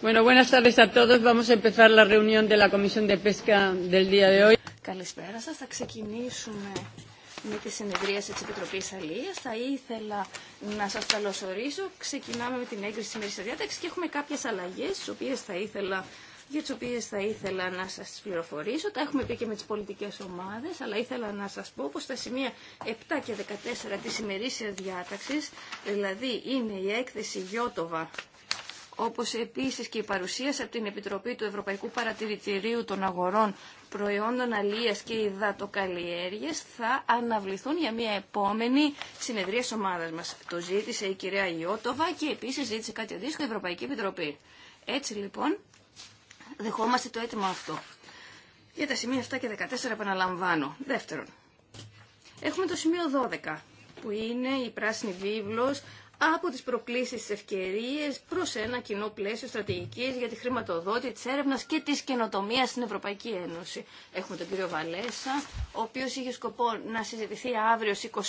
Bueno, buenas tardes a todos. Vamos a empezar la reunión de la Comisión de Pesca del día de hoy. Καλησπέρα σας. Θα ξεκινήσουμε με τη συνεδρίαση της Επιτροπής Αλίας. Θα ήθελα να σας καλωσορίσω. Ξεκινάμε με την έγκριση της ημερήσιας διάταξης και έχουμε κάποιες αλλαγές, τις οποίες θα ήθελα για τις οποίες θα ήθελα να σας πληροφορήσω. Τα έχουμε πει και με τις πολιτικές ομάδες, αλλά ήθελα να σας πω πως τα σημεία 7 και 14 της ημερήσιας διάταξης, δηλαδή είναι η έκθεση Γιώτοβα όπως επίσης και η παρουσίαση από την Επιτροπή του Ευρωπαϊκού Παρατηρητηρίου των Αγορών Προϊόντων Αλίας και Ιδατοκαλλιέργειας, θα αναβληθούν για μια επόμενη συνεδρία της ομάδας μας. Το ζήτησε η κυρία Ιώτοβα και επίσης ζήτησε κάτι αντίστοιχο η Ευρωπαϊκή Επιτροπή. Έτσι λοιπόν δεχόμαστε το αίτημα αυτό. Για τα σημεία 7 και 14 επαναλαμβάνω. Δεύτερον, έχουμε το σημείο 12 που είναι η πράσινη βίβλος από τις προκλήσεις της ευκαιρίες προς ένα κοινό πλαίσιο στρατηγικής για τη χρηματοδότηση της έρευνας και της καινοτομία στην Ευρωπαϊκή Ένωση. Έχουμε τον κύριο Βαλέσα, ο οποίος είχε σκοπό να συζητηθεί αύριο στις 25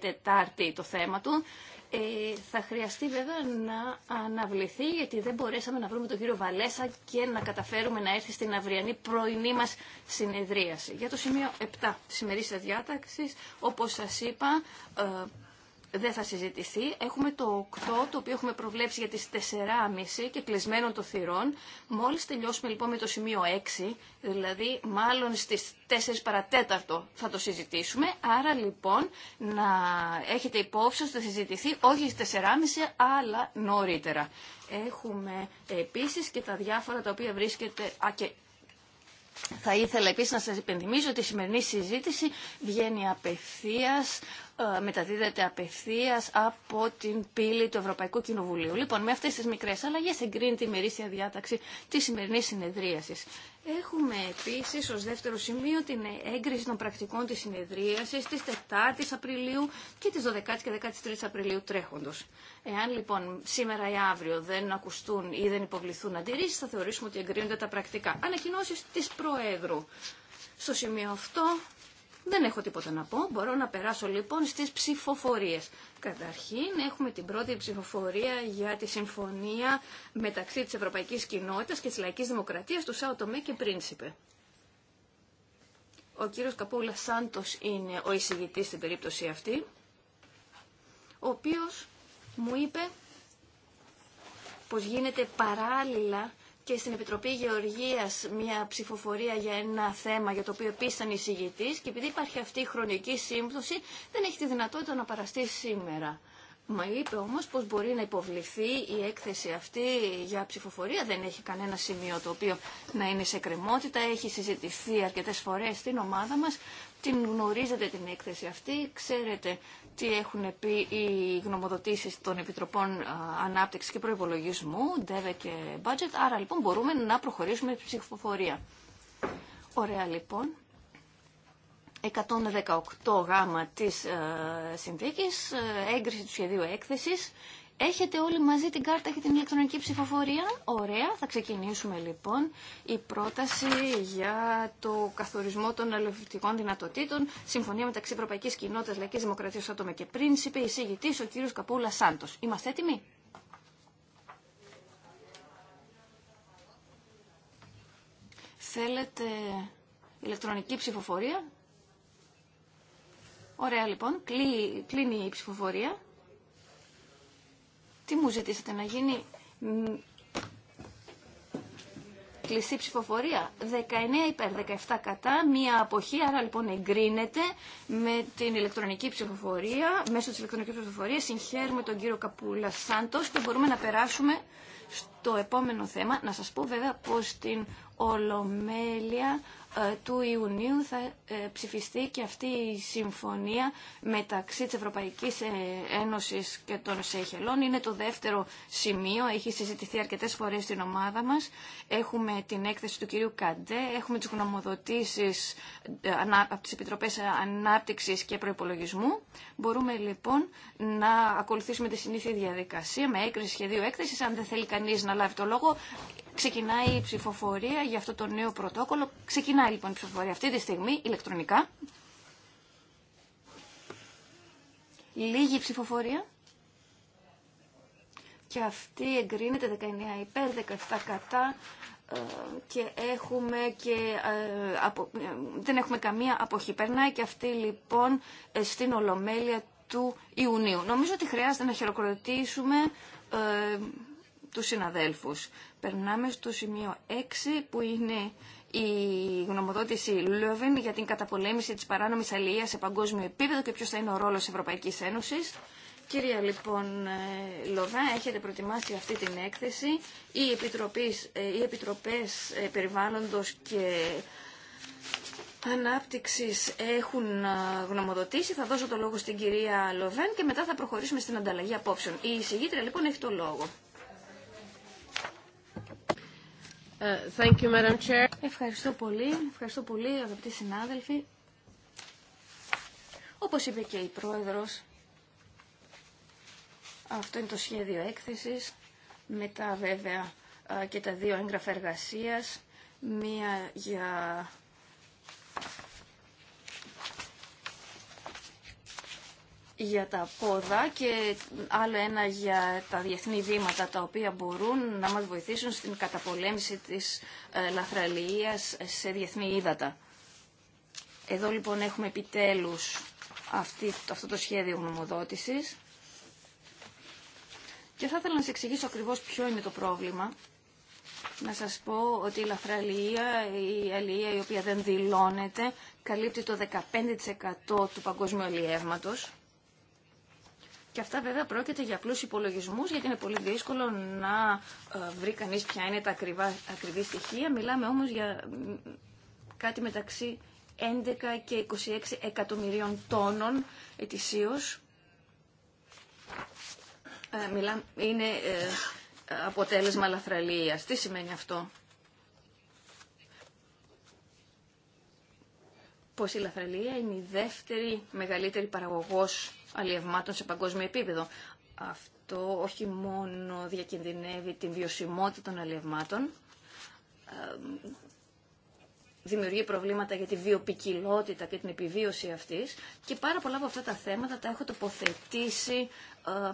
Τετάρτη το θέμα του. Ε, θα χρειαστεί βέβαια να αναβληθεί γιατί δεν μπορέσαμε να βρούμε τον κύριο Βαλέσα και να καταφέρουμε να έρθει στην αυριανή πρωινή μας συνεδρίαση. Για το σημείο 7 της ημερήσιας διάταξης, όπως σας είπα, ε, δεν θα συζητηθεί. Έχουμε το 8, το οποίο έχουμε προβλέψει για τις 4.30 και κλεισμένων των θυρών. Μόλις τελειώσουμε λοιπόν με το σημείο 6, δηλαδή μάλλον στις 4 παρατέταρτο θα το συζητήσουμε. Άρα λοιπόν να έχετε υπόψη ότι θα συζητηθεί όχι στις 4.30 αλλά νωρίτερα. Έχουμε επίσης και τα διάφορα τα οποία βρίσκεται... Α, και θα ήθελα επίσης να σας υπενθυμίσω ότι η σημερινή συζήτηση βγαίνει απευθείας ε, μεταδίδεται απευθεία από την πύλη του Ευρωπαϊκού Κοινοβουλίου. Λοιπόν, με αυτέ τι μικρέ αλλαγέ εγκρίνει τη μερίσια διάταξη τη σημερινή συνεδρίαση. Έχουμε επίση ω δεύτερο σημείο την έγκριση των πρακτικών τη συνεδρίασης τη 4 η Απριλίου και τη 12 η και 13 η Απριλίου τρέχοντο. Εάν λοιπόν σήμερα ή αύριο δεν ακουστούν ή δεν υποβληθούν αντιρρήσει, θα θεωρήσουμε ότι εγκρίνονται τα πρακτικά. Ανακοινώσει τη Προέδρου. Στο σημείο αυτό δεν έχω τίποτα να πω. Μπορώ να περάσω λοιπόν στις ψηφοφορίες. Καταρχήν έχουμε την πρώτη ψηφοφορία για τη συμφωνία μεταξύ της Ευρωπαϊκής Κοινότητας και της Λαϊκής Δημοκρατίας του Σαοτομέ και Πρίνσιπε. Ο κύριος Καπούλα Σάντος είναι ο εισηγητής στην περίπτωση αυτή, ο οποίος μου είπε πως γίνεται παράλληλα και στην Επιτροπή Γεωργίας μια ψηφοφορία για ένα θέμα για το οποίο επίση ήταν εισηγητή και επειδή υπάρχει αυτή η χρονική σύμπτωση δεν έχει τη δυνατότητα να παραστεί σήμερα. Μα είπε όμως πως μπορεί να υποβληθεί η έκθεση αυτή για ψηφοφορία. Δεν έχει κανένα σημείο το οποίο να είναι σε κρεμότητα. Έχει συζητηθεί αρκετέ φορέ στην ομάδα μα. Την γνωρίζετε την έκθεση αυτή. Ξέρετε τι έχουν πει οι γνωμοδοτήσεις των Επιτροπών Ανάπτυξης και προπολογισμού ΔΕΒΕ και Budget, άρα λοιπόν μπορούμε να προχωρήσουμε στην ψηφοφορία. Ωραία λοιπόν. 118 γάμα της ε, συνθήκης, ε, έγκριση του σχεδίου έκθεσης Έχετε όλοι μαζί την κάρτα και την ηλεκτρονική ψηφοφορία. Ωραία, θα ξεκινήσουμε λοιπόν. Η πρόταση για το καθορισμό των αλληλευτικών δυνατοτήτων, συμφωνία μεταξύ Ευρωπαϊκή Κοινότητα, Λαϊκή Δημοκρατία, Άτομα και Πρίνσιπε, εισηγητή ο κύριο Καπούλα Σάντο. Είμαστε έτοιμοι. Θέλετε ηλεκτρονική ψηφοφορία. Ωραία λοιπόν, κλείνει η ψηφοφορία. Τι μου ζητήσατε να γίνει κλειστή ψηφοφορία. 19 υπέρ, 17 κατά, μία αποχή, άρα λοιπόν εγκρίνεται με την ηλεκτρονική ψηφοφορία, μέσω της ηλεκτρονικής ψηφοφορίας συγχαίρουμε τον κύριο Καπούλα Σάντος και μπορούμε να περάσουμε στο επόμενο θέμα. Να σας πω βέβαια πως την Ολομέλεια ε, του Ιουνίου θα ε, ψηφιστεί και αυτή η συμφωνία μεταξύ της Ευρωπαϊκής ε, Ένωσης και των Σεχελών. Είναι το δεύτερο σημείο, έχει συζητηθεί αρκετές φορές στην ομάδα μας. Έχουμε την έκθεση του κυρίου Καντέ, έχουμε τις γνωμοδοτήσεις από τις Επιτροπές Ανάπτυξης και Προϋπολογισμού. Μπορούμε λοιπόν να ακολουθήσουμε τη συνήθεια διαδικασία με έκριση σχεδίου έκθεσης. Αν δεν θέλει κανείς να λάβει το λόγο, ξεκινάει η ψηφοφορία για αυτό το νέο πρωτόκολλο. Ξεκινάει Ξεκινάει λοιπόν η ψηφοφορία αυτή τη στιγμή ηλεκτρονικά. Λίγη ψηφοφορία. Και αυτή εγκρίνεται 19 υπέρ, 17 κατά ε, και έχουμε και ε, ε, δεν έχουμε καμία αποχή. Περνάει και αυτή λοιπόν στην Ολομέλεια του Ιουνίου. Νομίζω ότι χρειάζεται να χειροκροτήσουμε ε, τους συναδέλφους. Περνάμε στο σημείο 6 που είναι η γνωμοδότηση Λόβεν για την καταπολέμηση της παράνομης αλληλείας σε παγκόσμιο επίπεδο και ποιος θα είναι ο ρόλος Ευρωπαϊκής Ένωσης. Κυρία λοιπόν ε, Λοβά, έχετε προετοιμάσει αυτή την έκθεση. Οι, επιτροπές, ε, οι επιτροπές ε, περιβάλλοντος και ανάπτυξης έχουν γνωμοδοτήσει. Θα δώσω το λόγο στην κυρία Λοβέν και μετά θα προχωρήσουμε στην ανταλλαγή απόψεων. Η εισηγήτρια λοιπόν έχει το λόγο. Thank you, Madam Chair. Ευχαριστώ πολύ. Ευχαριστώ πολύ, αγαπητοί συνάδελφοι. Όπως είπε και η Πρόεδρος, αυτό είναι το σχέδιο έκθεσης. Μετά βέβαια και τα δύο έγγραφα εργασίας. Μία για για τα πόδα και άλλο ένα για τα διεθνή βήματα τα οποία μπορούν να μας βοηθήσουν στην καταπολέμηση της ε, λαθραλίας σε διεθνή ύδατα. Εδώ λοιπόν έχουμε επιτέλους αυτή, αυτό το σχέδιο γνωμοδότησης και θα ήθελα να σας εξηγήσω ακριβώς ποιο είναι το πρόβλημα. Να σας πω ότι η λαθραλία, η αλληλεία η οποία δεν δηλώνεται, καλύπτει το 15% του παγκόσμιου αλληλεύματος. Και αυτά βέβαια πρόκειται για απλούς υπολογισμούς, γιατί είναι πολύ δύσκολο να ε, βρει κανείς ποια είναι τα ακριβά, ακριβή στοιχεία. Μιλάμε όμως για κάτι μεταξύ 11 και 26 εκατομμυρίων τόνων ετησίως. Ε, είναι ε, αποτέλεσμα λαθραλίας. Τι σημαίνει αυτό. πως η Λαθραλία είναι η δεύτερη μεγαλύτερη παραγωγός αλλιευμάτων σε παγκόσμιο επίπεδο. Αυτό όχι μόνο διακινδυνεύει την βιωσιμότητα των αλλιευμάτων, ε, δημιουργεί προβλήματα για τη βιοπικιλότητα και την επιβίωση αυτής και πάρα πολλά από αυτά τα θέματα τα έχω τοποθετήσει ε,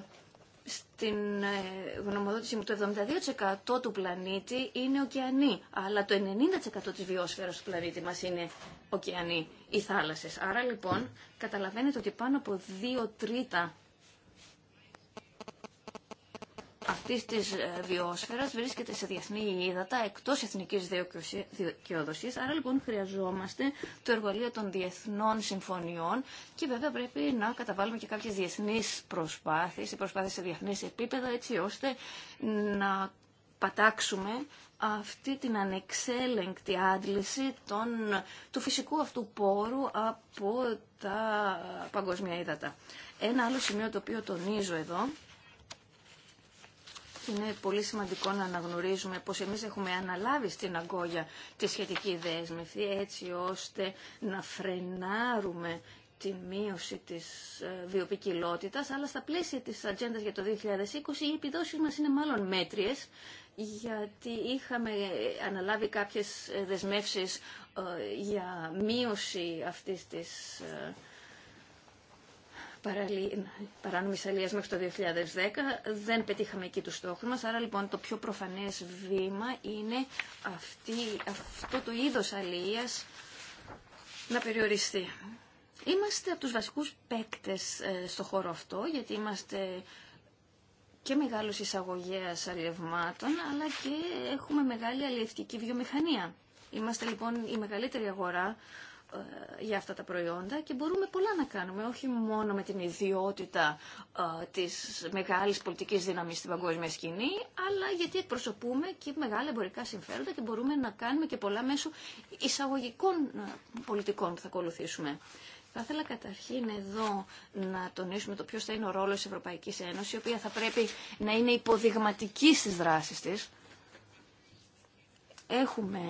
στην ε, γνωμοδότηση μου το 72% του πλανήτη είναι ωκεανή, αλλά το 90% της βιόσφαιρας του πλανήτη μας είναι ωκεανή, οι θάλασσες. Άρα λοιπόν καταλαβαίνετε ότι πάνω από δύο τρίτα αυτή τη ε, βιόσφαιρας βρίσκεται σε διεθνή ύδατα εκτός εθνικής δικαιοδοσία. Άρα λοιπόν χρειαζόμαστε το εργαλείο των διεθνών συμφωνιών και βέβαια πρέπει να καταβάλουμε και κάποιες διεθνείς προσπάθειες, προσπάθειε σε διεθνή επίπεδα έτσι ώστε να πατάξουμε αυτή την ανεξέλεγκτη άντληση των, του φυσικού αυτού πόρου από τα παγκοσμία ύδατα. Ένα άλλο σημείο το οποίο τονίζω εδώ είναι πολύ σημαντικό να αναγνωρίζουμε πως εμείς έχουμε αναλάβει στην Αγκόγια τη σχετική δέσμευση έτσι ώστε να φρενάρουμε την μείωση της ε, βιοπικιλότητας, αλλά στα πλαίσια της ατζέντα για το 2020 οι επιδόσεις μας είναι μάλλον μέτριες, γιατί είχαμε ε, αναλάβει κάποιες ε, δεσμεύσεις για μείωση αυτής της παράνομη αλίας μέχρι το 2010. Δεν πετύχαμε εκεί του στόχου μας. Άρα λοιπόν το πιο προφανές βήμα είναι αυτή, αυτό το είδο αλίας να περιοριστεί. Είμαστε από του βασικούς παίκτε ε, στο χώρο αυτό, γιατί είμαστε και μεγάλος εισαγωγέας αλλιευμάτων, αλλά και έχουμε μεγάλη αλλιευτική βιομηχανία. Είμαστε λοιπόν η μεγαλύτερη αγορά ε, για αυτά τα προϊόντα και μπορούμε πολλά να κάνουμε, όχι μόνο με την ιδιότητα ε, της μεγάλης πολιτικής δύναμης στην παγκόσμια σκηνή, αλλά γιατί εκπροσωπούμε και μεγάλα εμπορικά συμφέροντα και μπορούμε να κάνουμε και πολλά μέσω εισαγωγικών ε, πολιτικών που θα ακολουθήσουμε. Θα ήθελα καταρχήν εδώ να τονίσουμε το ποιος θα είναι ο ρόλος της Ευρωπαϊκής Ένωσης, η οποία θα πρέπει να είναι υποδειγματική στις δράσεις της, Έχουμε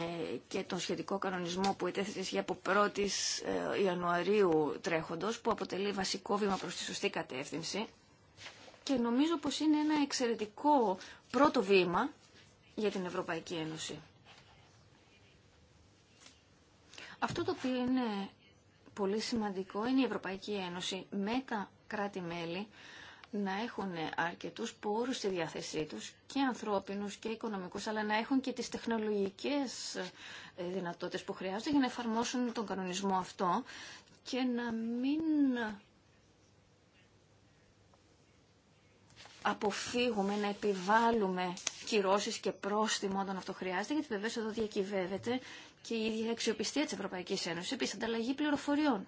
και τον σχετικό κανονισμό που ετεθηκε για από 1η ε, Ιανουαρίου τρέχοντος, που αποτελεί βασικό βήμα προς τη σωστή κατεύθυνση. Και νομίζω πως είναι ένα εξαιρετικό πρώτο βήμα για την Ευρωπαϊκή Ένωση. Αυτό το οποίο είναι πολύ σημαντικό είναι η Ευρωπαϊκή Ένωση με τα κράτη-μέλη να έχουν αρκετούς πόρους στη διάθεσή τους και ανθρώπινους και οικονομικούς, αλλά να έχουν και τις τεχνολογικές ε, δυνατότητες που χρειάζονται για να εφαρμόσουν τον κανονισμό αυτό και να μην αποφύγουμε να επιβάλλουμε κυρώσεις και πρόστιμο όταν αυτό χρειάζεται, γιατί βεβαίως εδώ διακυβεύεται και η ίδια αξιοπιστία της Ευρωπαϊκής Ένωσης, επίσης ανταλλαγή πληροφοριών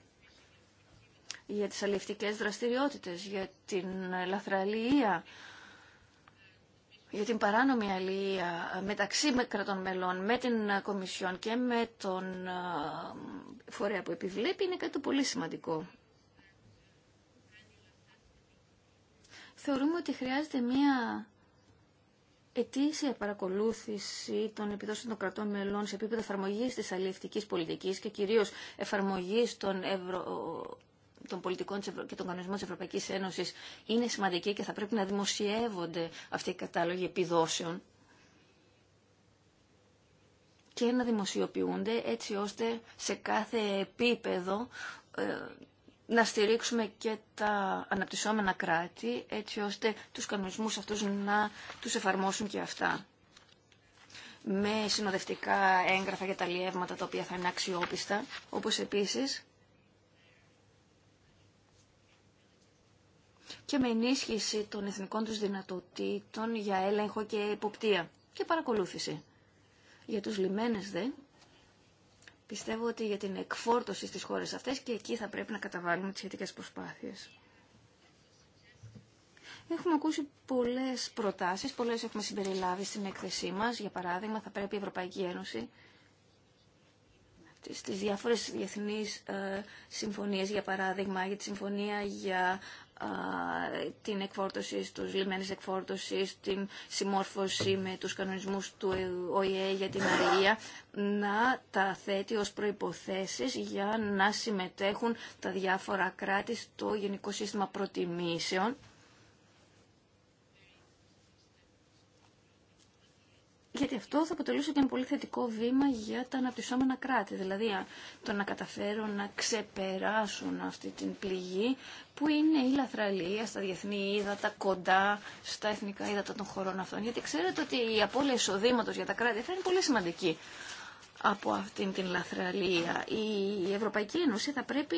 για τις αλληλευτικές δραστηριότητες, για την λαθραλία, για την παράνομη αλληλεία μεταξύ με κρατών μελών, με την Κομισιόν και με τον φορέα που επιβλέπει είναι κάτι πολύ σημαντικό. Θεωρούμε ότι χρειάζεται μία ετήσια παρακολούθηση των επιδόσεων των κρατών μελών σε επίπεδο εφαρμογή της αλληλευτικής πολιτικής και κυρίως εφαρμογής των ευρω των πολιτικών και των κανονισμών της Ευρωπαϊκής Ένωσης είναι σημαντική και θα πρέπει να δημοσιεύονται αυτοί οι κατάλογοι επιδόσεων και να δημοσιοποιούνται έτσι ώστε σε κάθε επίπεδο ε, να στηρίξουμε και τα αναπτυσσόμενα κράτη έτσι ώστε τους κανονισμούς αυτούς να τους εφαρμόσουν και αυτά με συνοδευτικά έγγραφα για τα λιεύματα τα οποία θα είναι αξιόπιστα, όπως επίσης και με ενίσχυση των εθνικών τους δυνατοτήτων για έλεγχο και υποπτία και παρακολούθηση. Για τους λιμένες δε, πιστεύω ότι για την εκφόρτωση στις χώρες αυτές και εκεί θα πρέπει να καταβάλουμε τις σχετικές προσπάθειες. Έχουμε ακούσει πολλές προτάσεις, πολλές έχουμε συμπεριλάβει στην έκθεσή μας. Για παράδειγμα, θα πρέπει η Ευρωπαϊκή Ένωση στις διάφορες διεθνείς ε, συμφωνίες, για παράδειγμα, για τη Συμφωνία για την εκφόρτωση στους λιμένες εκφόρτωση, την συμμόρφωση με τους κανονισμούς του ΟΗΕ για την αερία, να τα θέτει ως προϋποθέσεις για να συμμετέχουν τα διάφορα κράτη στο Γενικό Σύστημα Προτιμήσεων γιατί αυτό θα αποτελούσε και ένα πολύ θετικό βήμα για τα αναπτυσσόμενα κράτη. Δηλαδή το να καταφέρουν να ξεπεράσουν αυτή την πληγή που είναι η λαθραλία στα διεθνή ύδατα, κοντά στα εθνικά ύδατα των χωρών αυτών. Γιατί ξέρετε ότι η απώλεια εισοδήματο για τα κράτη θα είναι πολύ σημαντική από αυτήν την λαθραλία. Η Ευρωπαϊκή Ένωση θα πρέπει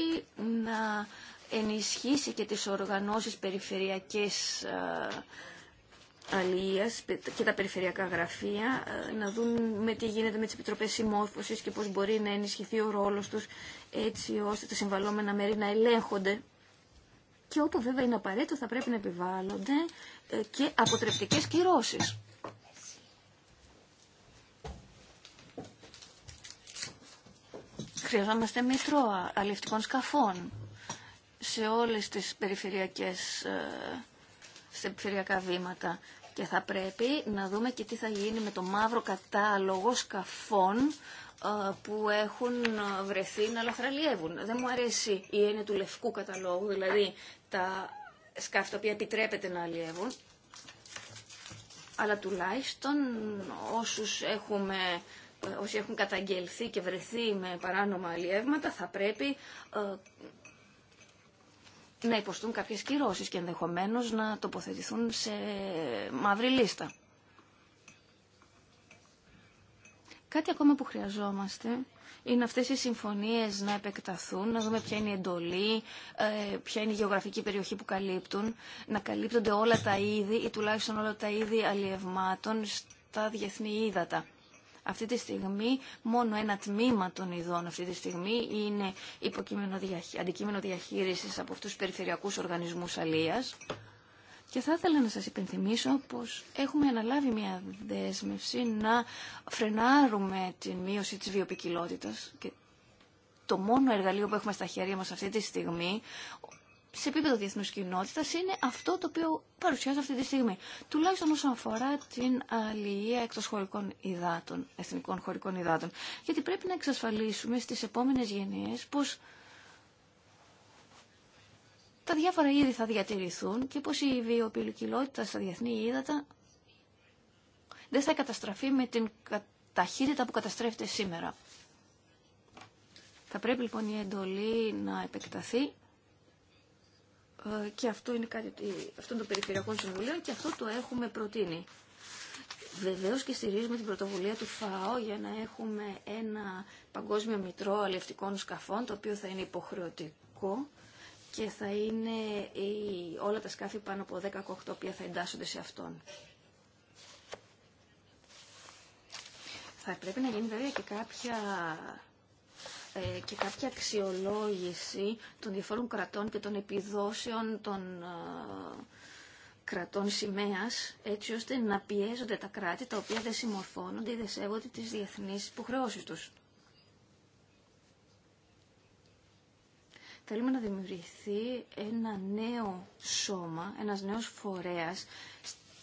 να ενισχύσει και τις οργανώσεις περιφερειακές αλίας και τα περιφερειακά γραφεία, ε, να δουν με τι γίνεται με τις επιτροπές συμμόρφωσης και πώς μπορεί να ενισχυθεί ο ρόλος τους έτσι ώστε τα συμβαλόμενα μέρη να ελέγχονται. Και όπου βέβαια είναι απαραίτητο θα πρέπει να επιβάλλονται ε, και αποτρεπτικές κυρώσεις. Χρειαζόμαστε μητρώα αλληλευτικών σκαφών σε όλες τις περιφερειακές ε, σε επιφυριακά βήματα. Και θα πρέπει να δούμε και τι θα γίνει με το μαύρο κατάλογο σκαφών ε, που έχουν ε, βρεθεί να λαθραλιεύουν. Δεν μου αρέσει η έννοια του λευκού καταλόγου, δηλαδή τα σκάφτα που επιτρέπεται να αλλιεύουν, αλλά τουλάχιστον όσους έχουμε ε, όσοι έχουν καταγγελθεί και βρεθεί με παράνομα αλλιεύματα θα πρέπει να υποστούν κάποιες κυρώσεις και ενδεχομένως να τοποθετηθούν σε μαύρη λίστα. Κάτι ακόμα που χρειαζόμαστε είναι αυτές οι συμφωνίες να επεκταθούν, να δούμε ποια είναι η εντολή, ε, ποια είναι η γεωγραφική περιοχή που καλύπτουν, να καλύπτονται όλα τα είδη ή τουλάχιστον όλα τα είδη αλλιευμάτων στα διεθνή ύδατα. Αυτή τη στιγμή μόνο ένα τμήμα των ειδών αυτή τη στιγμή είναι υποκείμενο αντικείμενο διαχείρισης από αυτούς τους περιφερειακούς οργανισμούς αλίας. Και θα ήθελα να σας υπενθυμίσω πως έχουμε αναλάβει μια δέσμευση να φρενάρουμε την μείωση της βιοπικιλότητας και το μόνο εργαλείο που έχουμε στα χέρια μας αυτή τη στιγμή σε επίπεδο διεθνού κοινότητα είναι αυτό το οποίο παρουσιάζει αυτή τη στιγμή. Τουλάχιστον όσον αφορά την αλληλεία εκτός χωρικών υδάτων, εθνικών χωρικών υδάτων. Γιατί πρέπει να εξασφαλίσουμε στις επόμενες γενιές πως τα διάφορα είδη θα διατηρηθούν και πως η βιοποιλικιλότητα στα διεθνή ύδατα δεν θα καταστραφεί με την ταχύτητα που καταστρέφεται σήμερα. Θα πρέπει λοιπόν η εντολή να επεκταθεί ε, και αυτό είναι, κάτι, αυτό το Περιφερειακό Συμβουλίο και αυτό το έχουμε προτείνει. Βεβαίως και στηρίζουμε την πρωτοβουλία του ΦΑΟ για να έχουμε ένα παγκόσμιο μητρό αλληλευτικών σκαφών, το οποίο θα είναι υποχρεωτικό και θα είναι όλα τα σκάφη πάνω από 18 που θα εντάσσονται σε αυτόν. Θα πρέπει να γίνει βέβαια και κάποια ε, και κάποια αξιολόγηση των διαφόρων κρατών και των επιδόσεων των ε, κρατών σημαία, έτσι ώστε να πιέζονται τα κράτη τα οποία δεν συμμορφώνονται ή δεν σέβονται τι διεθνεί υποχρεώσει του. Θέλουμε να δημιουργηθεί ένα νέο σώμα, ένας νέος φορέας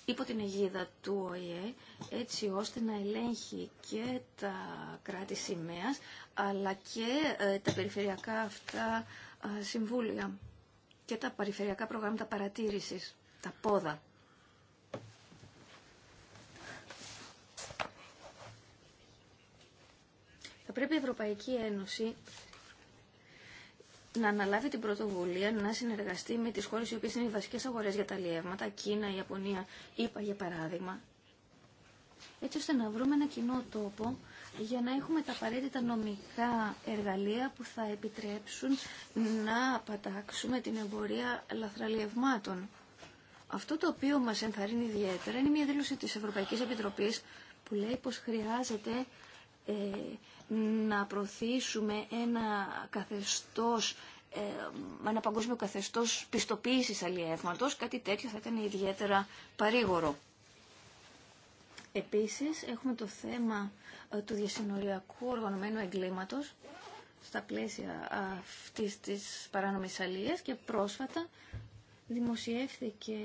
υπό την αιγίδα του ΟΗΕ έτσι ώστε να ελέγχει και τα κράτη σημαία αλλά και ε, τα περιφερειακά αυτά ε, συμβούλια και τα περιφερειακά προγράμματα παρατήρησης, τα πόδα. Θα πρέπει η Ευρωπαϊκή Ένωση να αναλάβει την πρωτοβουλία να συνεργαστεί με τις χώρες οι οποίες είναι οι βασικές αγορές για τα λιεύματα, Κίνα, Ιαπωνία, ΙΠΑ για παράδειγμα, έτσι ώστε να βρούμε ένα κοινό τόπο για να έχουμε τα απαραίτητα νομικά εργαλεία που θα επιτρέψουν να πατάξουμε την εμπορία λαθραλιευμάτων. Αυτό το οποίο μας ενθαρρύνει ιδιαίτερα είναι μια δήλωση της Ευρωπαϊκής Επιτροπής που λέει πως χρειάζεται ε, να προωθήσουμε ένα καθεστώς ε, ένα παγκόσμιο καθεστώς πιστοποίησης αλλιεύματος, κάτι τέτοιο θα ήταν ιδιαίτερα παρήγορο. Επίσης, έχουμε το θέμα ε, του διασυνοριακού οργανωμένου εγκλήματος στα πλαίσια αυτής της παράνομης αλλίας και πρόσφατα δημοσιεύθηκε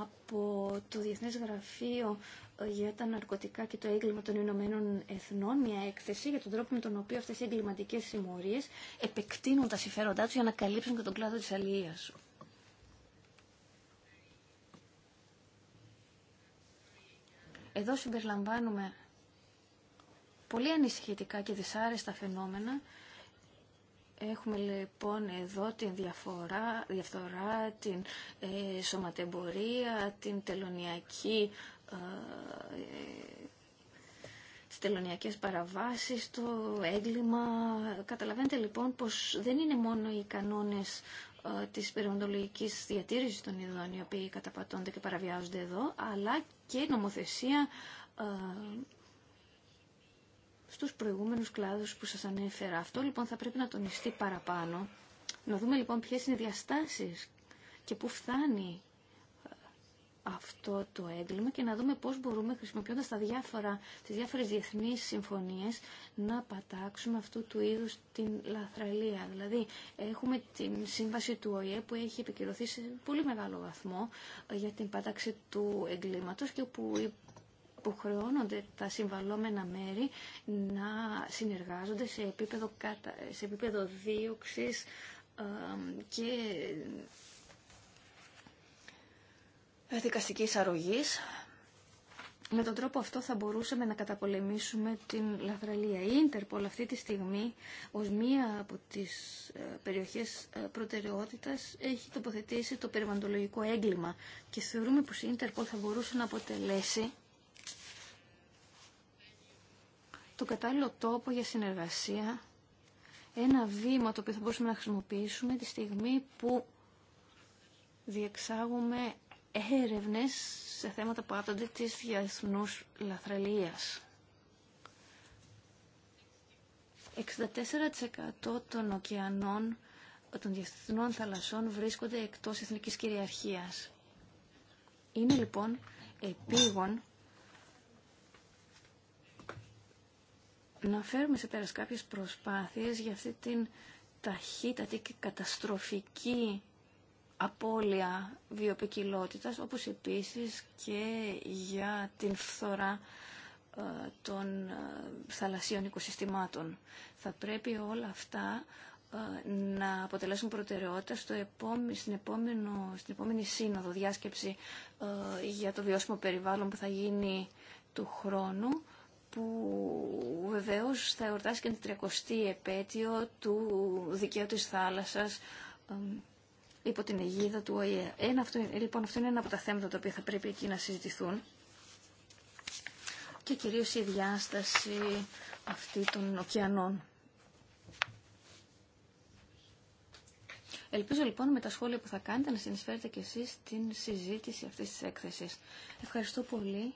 από το Διεθνές Γραφείο ε, για τα Ναρκωτικά και το Έγκλημα των Ηνωμένων Εθνών μια έκθεση για τον τρόπο με τον οποίο αυτές οι εγκληματικές συμμορίες επεκτείνουν τα συμφέροντά τους για να καλύψουν και τον κλάδο της αλληλείας. Εδώ συμπεριλαμβάνουμε πολύ ανησυχητικά και δυσάρεστα φαινόμενα Έχουμε λοιπόν εδώ την διαφορά, διαφθορά, την ε, σωματεμπορία, την τελωνιακή, ε, ε, τις τελωνιακές παραβάσεις, το έγκλημα. Καταλαβαίνετε λοιπόν πως δεν είναι μόνο οι κανόνες ε, της περιοντολογικής διατήρησης των ειδών οι οποίοι καταπατώνται και παραβιάζονται εδώ, αλλά και η νομοθεσία ε, στους προηγούμενους κλάδους που σας ανέφερα. Αυτό λοιπόν θα πρέπει να τονιστεί παραπάνω. Να δούμε λοιπόν ποιες είναι οι διαστάσεις και πού φτάνει ε, αυτό το έγκλημα και να δούμε πώς μπορούμε χρησιμοποιώντας τα διάφορα, τις διάφορες διεθνείς συμφωνίες να πατάξουμε αυτού του είδους την λαθραλία. Δηλαδή έχουμε την σύμβαση του ΟΗΕ που έχει επικυρωθεί σε πολύ μεγάλο βαθμό ε, για την πάταξη του εγκλήματος και που υποχρεώνονται τα συμβαλόμενα μέρη να συνεργάζονται σε επίπεδο, κατα... σε επίπεδο δίωξης και δικαστικής αρρωγής. Με τον τρόπο αυτό θα μπορούσαμε να καταπολεμήσουμε την λαθραλία. Η Ίντερπολ αυτή τη στιγμή ως μία από τις ε, περιοχές ε, προτεραιότητας έχει τοποθετήσει το περιβαλλοντολογικό έγκλημα και θεωρούμε πως η Ίντερπολ θα μπορούσε να αποτελέσει τον κατάλληλο τόπο για συνεργασία, ένα βήμα το οποίο θα μπορούσαμε να χρησιμοποιήσουμε τη στιγμή που διεξάγουμε έρευνες σε θέματα που άπτονται της διεθνούς λαθρελίας. 64% των ωκεανών των διεθνών θαλασσών βρίσκονται εκτός εθνικής κυριαρχίας. Είναι λοιπόν επίγον να φέρουμε σε πέρας κάποιες προσπάθειες για αυτή την ταχύτατη και καταστροφική απώλεια βιοπικιλότητας, όπως επίσης και για την φθορά ε, των ε, θαλασσίων οικοσυστημάτων. Θα πρέπει όλα αυτά ε, να αποτελέσουν προτεραιότητα στο επόμενο, στην, επόμενο, στην επόμενη σύνοδο διάσκεψη για το βιώσιμο περιβάλλον που θα γίνει του χρόνου που βεβαίως θα εορτάσει και την 30 επέτειο του δικαίου της θάλασσας υπό την αιγίδα του ΟΗΕ. Ένα, αυτό, λοιπόν, αυτό είναι ένα από τα θέματα τα οποία θα πρέπει εκεί να συζητηθούν και κυρίως η διάσταση αυτή των ωκεανών. Ελπίζω λοιπόν με τα σχόλια που θα κάνετε να συνεισφέρετε και εσείς στην συζήτηση αυτής της έκθεσης. Ευχαριστώ πολύ.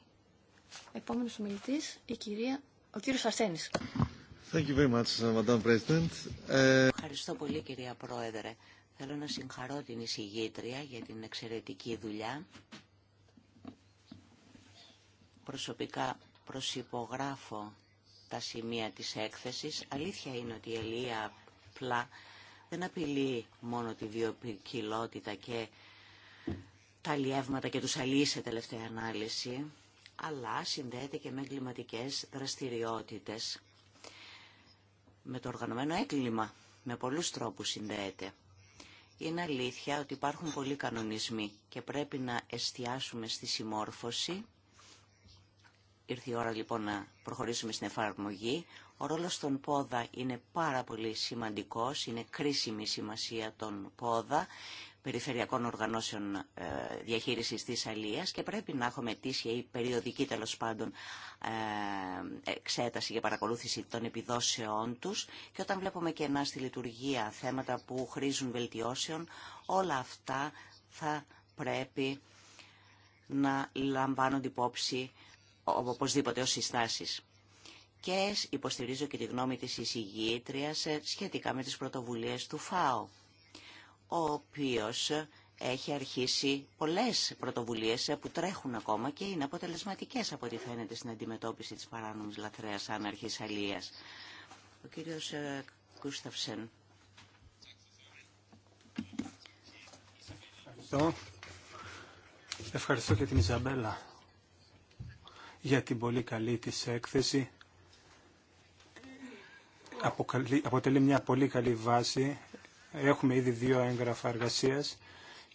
Επόμενος ομιλητής, η κυρία, ο κύριος Αρσένης. Thank you very much, Madam President. Ε, Ευχαριστώ πολύ κυρία Πρόεδρε. Θέλω να συγχαρώ την εισηγήτρια για την εξαιρετική δουλειά. Προσωπικά προσυπογράφω τα σημεία της έκθεσης. Αλήθεια είναι ότι η Ελία Πλά δεν απειλεί μόνο τη βιοποικιλότητα και τα λιεύματα και τους αλείς σε τελευταία ανάλυση αλλά συνδέεται και με εγκληματικές δραστηριότητες. Με το οργανωμένο έγκλημα, με πολλούς τρόπους συνδέεται. Είναι αλήθεια ότι υπάρχουν πολλοί κανονισμοί και πρέπει να εστιάσουμε στη συμμόρφωση. Ήρθε η ώρα λοιπόν να προχωρήσουμε στην εφαρμογή. Ο ρόλος των πόδα είναι πάρα πολύ σημαντικός, είναι κρίσιμη σημασία των πόδα περιφερειακών οργανώσεων ε, διαχείρισης της αλίας και πρέπει να έχουμε τήσια ή περιοδική τέλο πάντων ε, εξέταση και παρακολούθηση των επιδόσεών τους και όταν βλέπουμε κενά στη λειτουργία θέματα που χρήζουν βελτιώσεων όλα αυτά θα πρέπει να λαμβάνονται υπόψη οπωσδήποτε ως συστάσεις και υποστηρίζω και τη γνώμη της εισηγήτριας ε, σχετικά με τις πρωτοβουλίες του ΦΑΟ ο οποίος έχει αρχίσει πολλές πρωτοβουλίες που τρέχουν ακόμα και είναι αποτελεσματικές από ό,τι φαίνεται στην αντιμετώπιση της παράνομης λαθρέας άναρχης αλίας. Ο κύριος ε, Κούσταυσεν. Ευχαριστώ. Ευχαριστώ και την Ιζαμπέλα για την πολύ καλή της έκθεση. Αποτελεί μια πολύ καλή βάση Έχουμε ήδη δύο έγγραφα εργασία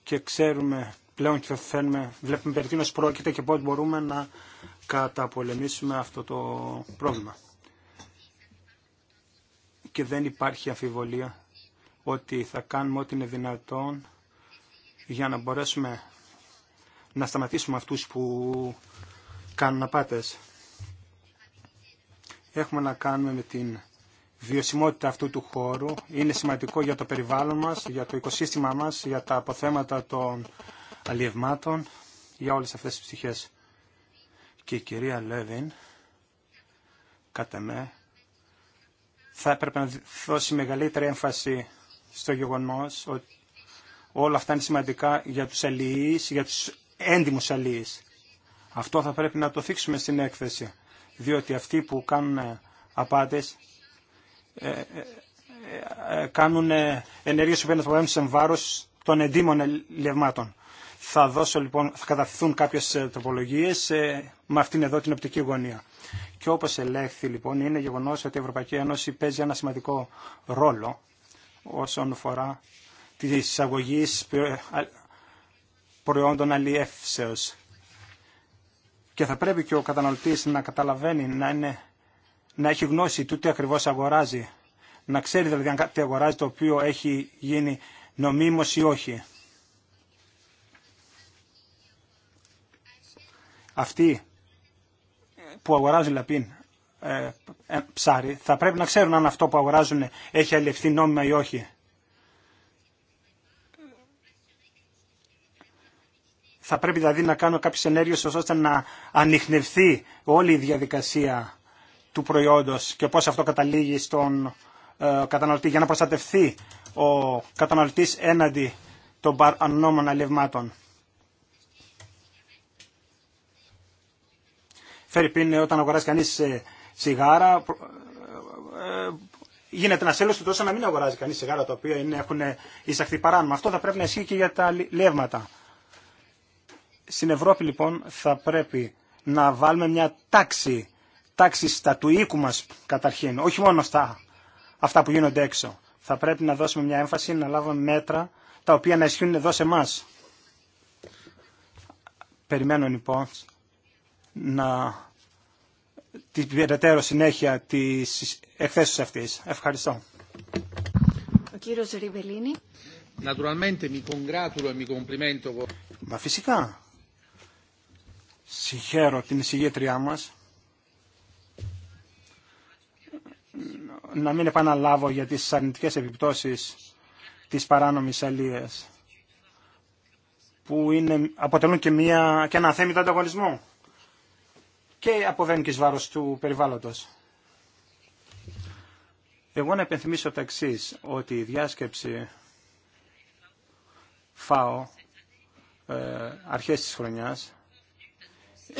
και ξέρουμε πλέον και φαίνουμε, βλέπουμε περί πρόκειται και πώ μπορούμε να καταπολεμήσουμε αυτό το πρόβλημα. Και δεν υπάρχει αμφιβολία ότι θα κάνουμε ό,τι είναι δυνατόν για να μπορέσουμε να σταματήσουμε αυτούς που κάνουν απάτες. Έχουμε να κάνουμε με την βιωσιμότητα αυτού του χώρου είναι σημαντικό για το περιβάλλον μας, για το οικοσύστημά μας, για τα αποθέματα των αλλιευμάτων, για όλες αυτές τις ψυχές. Και η κυρία Λέβιν, κατά με, θα έπρεπε να δώσει μεγαλύτερη έμφαση στο γεγονός ότι όλα αυτά είναι σημαντικά για τους αλληλείς, για τους έντιμους αλληλείς. Αυτό θα πρέπει να το θίξουμε στην έκθεση, διότι αυτοί που κάνουν απάτες ε, ε, ε, κάνουν ενέργειες που ενδεχομένω σε βάρος των εντύμων λευμάτων. Θα, δώσω, λοιπόν, θα κάποιες τροπολογίες με αυτήν εδώ την οπτική γωνία. Και όπως ελέγχθη λοιπόν είναι γεγονός ότι η Ευρωπαϊκή Ένωση παίζει ένα σημαντικό ρόλο όσον αφορά τη εισαγωγή προϊόντων αλλιεύσεως. Και θα πρέπει και ο καταναλωτής να καταλαβαίνει να είναι να έχει γνώση του τι ακριβώς αγοράζει. Να ξέρει δηλαδή αν κάτι αγοράζει το οποίο έχει γίνει νομίμως ή όχι. Αυτοί που αγοράζουν λαπίν ε, ε, ψάρι θα πρέπει να ξέρουν αν αυτό που αγοράζουν έχει αλληλευθεί νόμιμα ή όχι. Θα πρέπει δηλαδή να κάνουν κάποιες ενέργειες ώστε να ανοιχνευθεί όλη η οχι θα πρεπει δηλαδη να κανω καποιες ενεργειες ωστε να ανοιχνευθει ολη η διαδικασια του προϊόντος και πώς αυτό καταλήγει στον ε, καταναλωτή για να προστατευθεί ο καταναλωτής έναντι των παρανόμων Φέρει Φερρυπίν ε, όταν αγοράζει κανείς ε, σιγάρα γίνεται ένα του τόσο να μην αγοράζει κανείς σιγάρα τα οποία είναι, έχουν εισαχθεί παράνομα. Αυτό θα πρέπει να ισχύει και για τα λεύματα. Στην Ευρώπη λοιπόν θα πρέπει να βάλουμε μια τάξη τάξη στα του οίκου μα καταρχήν, όχι μόνο αυτά, αυτά που γίνονται έξω. Θα πρέπει να δώσουμε μια έμφαση, να λάβουμε μέτρα τα οποία να ισχύουν εδώ σε εμά. Περιμένω λοιπόν να την περαιτέρω συνέχεια τη εκθέσεω αυτή. Ευχαριστώ. Ο κύριος Ριβελίνη. Naturalmente mi congratulo e mi complimento. Μα φυσικά. Συγχαίρω την εισηγήτριά μας να μην επαναλάβω για τις αρνητικές επιπτώσεις της παράνομης αλίας που είναι, αποτελούν και, μια, και ένα θέμητο ανταγωνισμό και αποβαίνουν και εις βάρος του περιβάλλοντος. Εγώ να επενθυμίσω τα ότι η διάσκεψη ΦΑΟ ε, αρχές της χρονιάς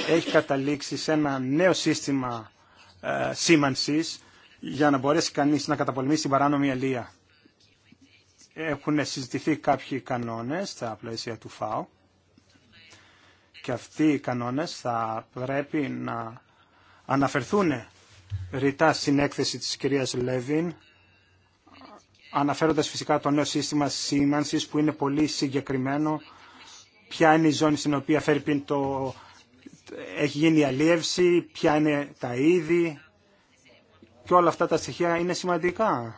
έχει καταλήξει σε ένα νέο σύστημα ε, σήμανσης για να μπορέσει κανείς να καταπολεμήσει την παράνομη αλία. Έχουν συζητηθεί κάποιοι κανόνες στα πλαίσια του ΦΑΟ και αυτοί οι κανόνες θα πρέπει να αναφερθούν ρητά στην έκθεση της κυρίας Λέβιν αναφέροντας φυσικά το νέο σύστημα σήμανσης που είναι πολύ συγκεκριμένο ποια είναι η ζώνη στην οποία φέρει το έχει γίνει η αλίευση, ποια είναι τα είδη, και όλα αυτά τα στοιχεία είναι σημαντικά.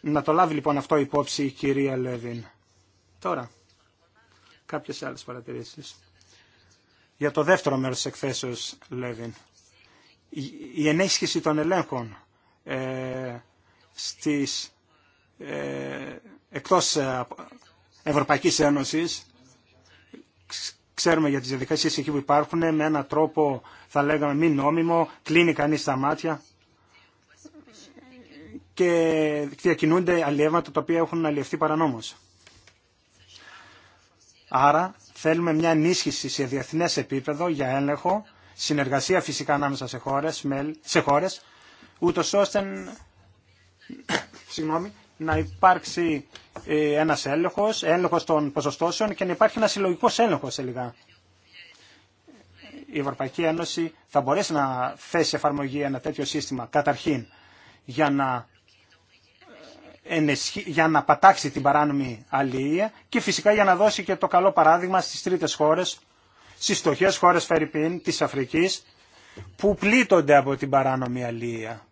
Να το λάβει λοιπόν αυτό υπόψη η κυρία Λέβιν. Τώρα, κάποιες άλλες παρατηρήσεις. Για το δεύτερο μέρος της εκθέσεως, Λέβιν. Η ενέσχυση των ελέγχων ε, στις, ε, εκτός ε, Ευρωπαϊκής Ένωσης ξέρουμε για τις διαδικασίες εκεί που υπάρχουν με έναν τρόπο θα λέγαμε μη νόμιμο, κλείνει κανείς τα μάτια και διακινούνται αλλιεύματα τα οποία έχουν αλλιευθεί παρανόμως. Άρα θέλουμε μια ενίσχυση σε διεθνές επίπεδο για έλεγχο, συνεργασία φυσικά ανάμεσα σε χώρες, σε χώρες ούτως ώστε συγγνώμη, να υπάρξει ε, ένας έλεγχος, έλεγχος των ποσοστώσεων και να υπάρχει ένα συλλογικό έλεγχος τελικά. Η Ευρωπαϊκή Ένωση θα μπορέσει να θέσει εφαρμογή ένα τέτοιο σύστημα καταρχήν για να για να πατάξει την παράνομη αλληλεία και φυσικά για να δώσει και το καλό παράδειγμα στις τρίτες χώρες, στις στοχές χώρες Φερρυπίν της Αφρικής που πλήττονται από την παράνομη αλληλεία.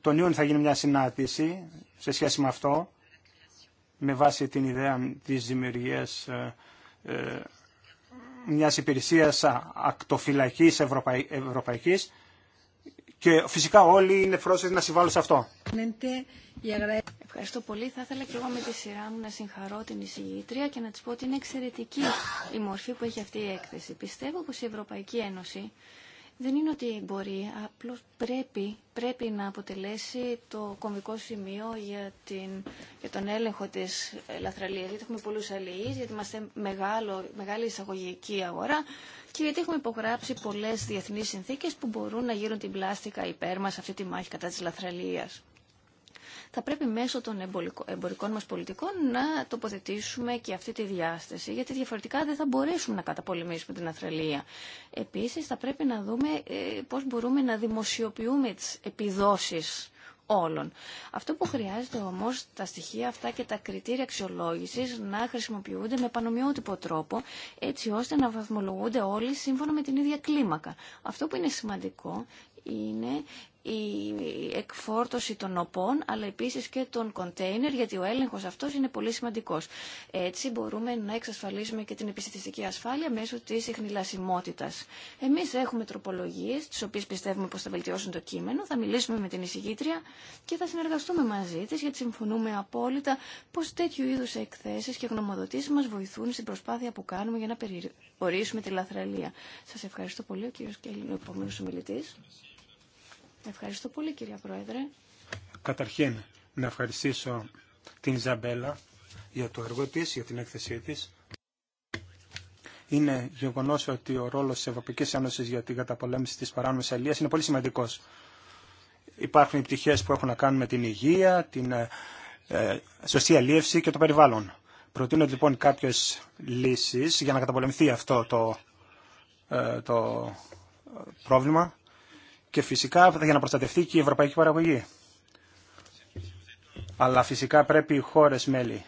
Τον Ιούνιο θα γίνει μια συνάντηση σε σχέση με αυτό, με βάση την ιδέα της δημιουργίας ε, ε, μιας υπηρεσίας ακτοφυλακής ευρωπαϊ... ευρωπαϊκής και φυσικά όλοι είναι πρόσθετοι να συμβάλλουν σε αυτό. Ευχαριστώ πολύ. Θα ήθελα και εγώ με τη σειρά μου να συγχαρώ την εισηγήτρια και να της πω ότι είναι εξαιρετική η μορφή που έχει αυτή η έκθεση. Πιστεύω πως η Ευρωπαϊκή Ένωση δεν είναι ότι μπορεί, απλώς πρέπει, πρέπει να αποτελέσει το κομβικό σημείο για, την, για τον έλεγχο της λαθραλίας. Γιατί έχουμε πολλούς αλληλείς, γιατί είμαστε μεγάλο, μεγάλη εισαγωγική αγορά και γιατί έχουμε υπογράψει πολλές διεθνείς συνθήκες που μπορούν να γύρουν την πλάστικα υπέρ μας αυτή τη μάχη κατά της λαθραλίας θα πρέπει μέσω των εμπορικών μας πολιτικών να τοποθετήσουμε και αυτή τη διάσταση, γιατί διαφορετικά δεν θα μπορέσουμε να καταπολεμήσουμε την αθρελία. Επίσης, θα πρέπει να δούμε ε, πώς μπορούμε να δημοσιοποιούμε τις επιδόσεις όλων. Αυτό που χρειάζεται όμως τα στοιχεία αυτά και τα κριτήρια αξιολόγηση να χρησιμοποιούνται με πανομοιότυπο τρόπο έτσι ώστε να βαθμολογούνται όλοι σύμφωνα με την ίδια κλίμακα. Αυτό που είναι σημαντικό είναι η εκφόρτωση των οπών αλλά επίσης και των κοντέινερ γιατί ο έλεγχος αυτός είναι πολύ σημαντικός. Έτσι μπορούμε να εξασφαλίσουμε και την επιστημιστική ασφάλεια μέσω της ιχνηλασιμότητας. Εμείς έχουμε τροπολογίες τις οποίες πιστεύουμε πως θα βελτιώσουν το κείμενο, θα μιλήσουμε με την εισηγήτρια και θα συνεργαστούμε μαζί της γιατί συμφωνούμε απόλυτα πως τέτοιου είδους εκθέσεις και γνωμοδοτήσεις μας βοηθούν στην προσπάθεια που κάνουμε για να περιορίσουμε τη λαθραλία. Σας ευχαριστώ πολύ ο κύριος Κέλλη, ο επόμενος ομιλητής. Ευχαριστώ πολύ κυρία Πρόεδρε. Καταρχήν να ευχαριστήσω την Ζαμπέλα για το έργο της, για την έκθεσή της. Είναι γεγονό ότι ο ρόλος της Ευρωπαϊκής Ένωσης για την καταπολέμηση της παράνομης αλληλείας είναι πολύ σημαντικός. Υπάρχουν οι που έχουν να κάνουν με την υγεία, την ε, ε, σωστή αλλίευση και το περιβάλλον. Προτείνω, λοιπόν κάποιες λύσεις για να καταπολεμηθεί αυτό το, ε, το πρόβλημα και φυσικά για να προστατευτεί και η ευρωπαϊκή παραγωγή. Αλλά φυσικά πρέπει οι χώρες μέλη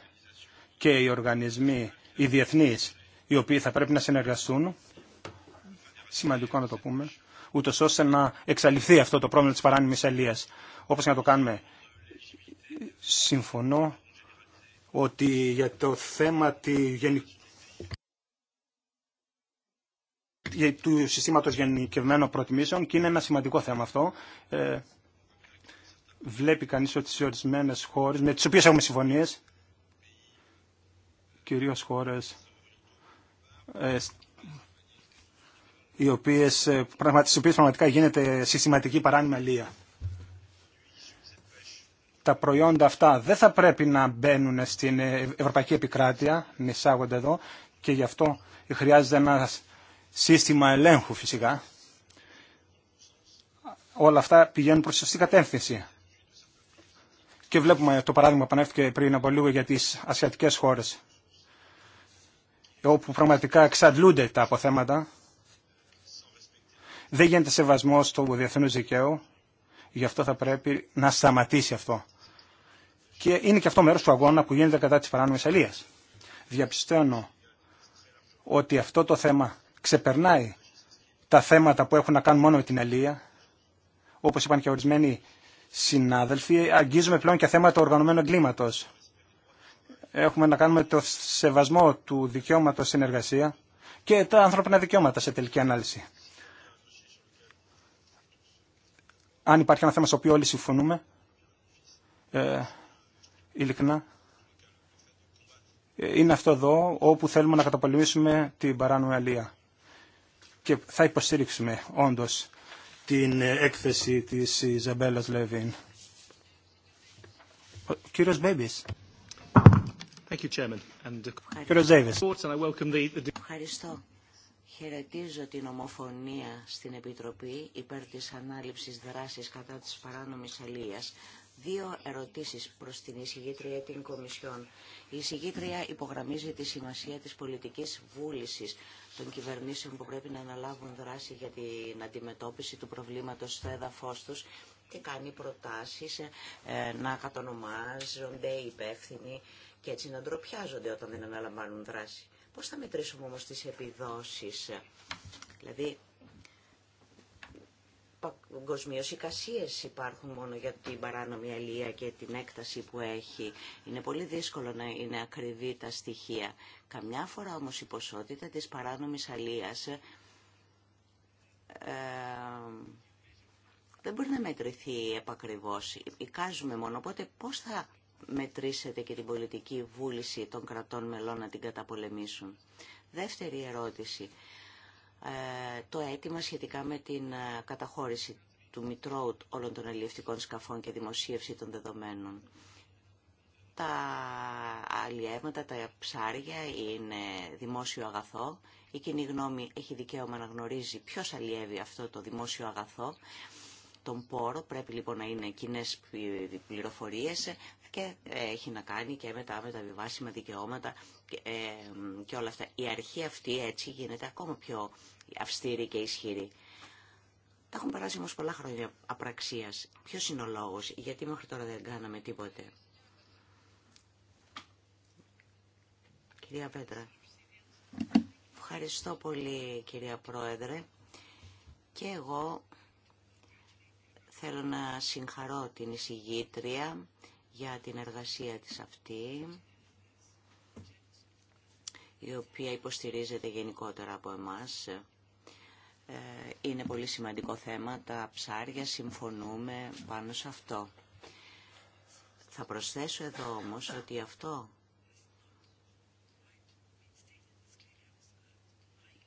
και οι οργανισμοί, οι διεθνείς, οι οποίοι θα πρέπει να συνεργαστούν, σημαντικό να το πούμε, ούτω ώστε να εξαλειφθεί αυτό το πρόβλημα της παράνομης αλίας. Όπως και να το κάνουμε, συμφωνώ ότι για το θέμα τη, του συστήματο γενικευμένων προτιμήσεων και είναι ένα σημαντικό θέμα αυτό. Ε, βλέπει κανείς ότι σε ορισμένε χώρες, με τι οποίε έχουμε συμφωνίε. κυρίως χώρες ε, οι οποίες, ε, τις οποίες πραγματικά γίνεται συστηματική παράνομη αλία. Τα προϊόντα αυτά δεν θα πρέπει να μπαίνουν στην ε, ευρωπαϊκή επικράτεια, εισάγονται εδώ και γι' αυτό χρειάζεται ένας σύστημα ελέγχου φυσικά. Όλα αυτά πηγαίνουν προς σωστή κατεύθυνση. Και βλέπουμε το παράδειγμα που ανέφερε πριν από λίγο για τις ασιατικές χώρες, όπου πραγματικά εξαντλούνται τα αποθέματα, δεν γίνεται σεβασμό στο διεθνού δικαίου, γι' αυτό θα πρέπει να σταματήσει αυτό. Και είναι και αυτό μέρος του αγώνα που γίνεται κατά της παράνομης αλίας. Διαπιστώνω ότι αυτό το θέμα ξεπερνάει τα θέματα που έχουν να κάνουν μόνο με την αλία, όπως είπαν και ορισμένοι συνάδελφοι, αγγίζουμε πλέον και θέματα οργανωμένου εγκλήματο. Έχουμε να κάνουμε το σεβασμό του δικαιώματο στην και τα ανθρώπινα δικαιώματα σε τελική ανάλυση. Αν υπάρχει ένα θέμα στο οποίο όλοι συμφωνούμε, ε, ειλικρινά, ε, είναι αυτό εδώ όπου θέλουμε να καταπολεμήσουμε την παράνομη αλία και θα υποστήριξουμε όντως την έκθεση της Ιζαμπέλας Λεβίν. Ο κύριος Μπέμπης. Ευχαριστώ. Χαιρετίζω την ομοφωνία στην Επιτροπή υπέρ της ανάληψης δράσης κατά της παράνομης αλίας. Δύο ερωτήσεις προς την εισηγήτρια την Κομισιόν. Η εισηγήτρια υπογραμμίζει τη σημασία της πολιτικής βούλησης των κυβερνήσεων που πρέπει να αναλάβουν δράση για την αντιμετώπιση του προβλήματος στο έδαφος τους και κάνει προτάσεις ε, ε, να κατονομάζονται οι υπεύθυνοι και έτσι να ντροπιάζονται όταν δεν αναλαμβάνουν δράση. Πώς θα μετρήσουμε όμως τις επιδόσεις, ε, δηλαδή Παγκοσμίω εικασίε υπάρχουν μόνο για την παράνομη αλία και την έκταση που έχει. Είναι πολύ δύσκολο να είναι ακριβή τα στοιχεία. Καμιά φορά όμως η ποσότητα της παράνομης αλίας ε, δεν μπορεί να μετρηθεί επακριβώ. Εικάζουμε μόνο, οπότε πώ θα μετρήσετε και την πολιτική βούληση των κρατών μελών να την καταπολεμήσουν. Δεύτερη ερώτηση. Ε, το αίτημα σχετικά με την ε, καταχώρηση του Μητρώου όλων των αλλιευτικών σκαφών και δημοσίευση των δεδομένων. Τα αλλιεύματα, τα ψάρια είναι δημόσιο αγαθό. Η κοινή γνώμη έχει δικαίωμα να γνωρίζει ποιος αλλιεύει αυτό το δημόσιο αγαθό. Τον πόρο πρέπει λοιπόν να είναι κοινέ πληροφορίες και ε, έχει να κάνει και με τα μεταβιβάσιμα δικαιώματα και όλα αυτά. Η αρχή αυτή έτσι γίνεται ακόμα πιο αυστηρή και ισχυρή. Τα έχουν περάσει όμω πολλά χρόνια απραξία. Ποιο είναι ο λόγο, γιατί μέχρι τώρα δεν κάναμε τίποτε. Κυρία Πέτρα. Ευχαριστώ πολύ κυρία Πρόεδρε. Και εγώ θέλω να συγχαρώ την εισηγήτρια για την εργασία της αυτή, η οποία υποστηρίζεται γενικότερα από εμάς ε, είναι πολύ σημαντικό θέμα. Τα ψάρια συμφωνούμε πάνω σε αυτό. Θα προσθέσω εδώ όμως ότι αυτό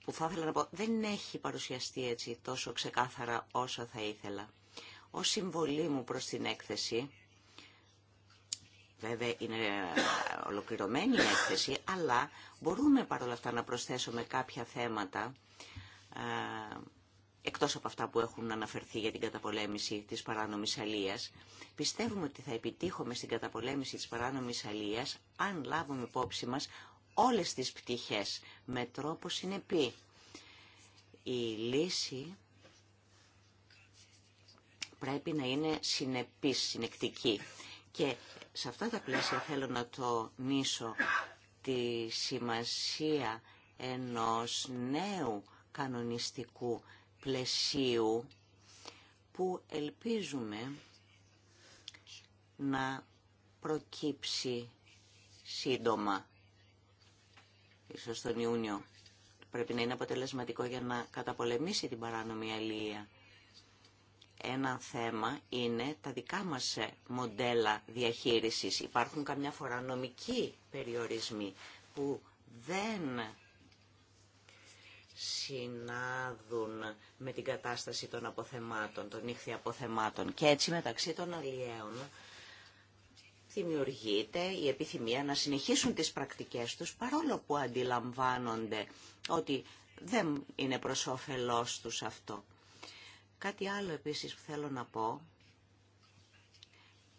που θα ήθελα να πω δεν έχει παρουσιαστεί έτσι τόσο ξεκάθαρα όσο θα ήθελα. Ω συμβολή μου προς την έκθεση, βέβαια είναι ολοκληρωμένη η έκθεση, αλλά μπορούμε παρόλα αυτά να προσθέσουμε κάποια θέματα εκτός από αυτά που έχουν αναφερθεί για την καταπολέμηση της παράνομης αλίας. Πιστεύουμε ότι θα επιτύχουμε στην καταπολέμηση της παράνομης αλίας αν λάβουμε υπόψη μας όλες τις πτυχές με τρόπο συνεπή. Η λύση πρέπει να είναι συνεπής, συνεκτική. Και σε αυτά τα πλαίσια θέλω να τονίσω τη σημασία ενός νέου κανονιστικού πλαισίου που ελπίζουμε να προκύψει σύντομα, ίσως τον Ιούνιο. Πρέπει να είναι αποτελεσματικό για να καταπολεμήσει την παράνομη αλληλεία. Ένα θέμα είναι τα δικά μας μοντέλα διαχείρισης. Υπάρχουν καμιά φορά νομικοί περιορισμοί που δεν συνάδουν με την κατάσταση των αποθεμάτων, των νύχθη αποθεμάτων. Και έτσι μεταξύ των αλλιέων δημιουργείται η επιθυμία να συνεχίσουν τις πρακτικές τους παρόλο που αντιλαμβάνονται ότι δεν είναι προς όφελός τους αυτό. Κάτι άλλο επίσης που θέλω να πω,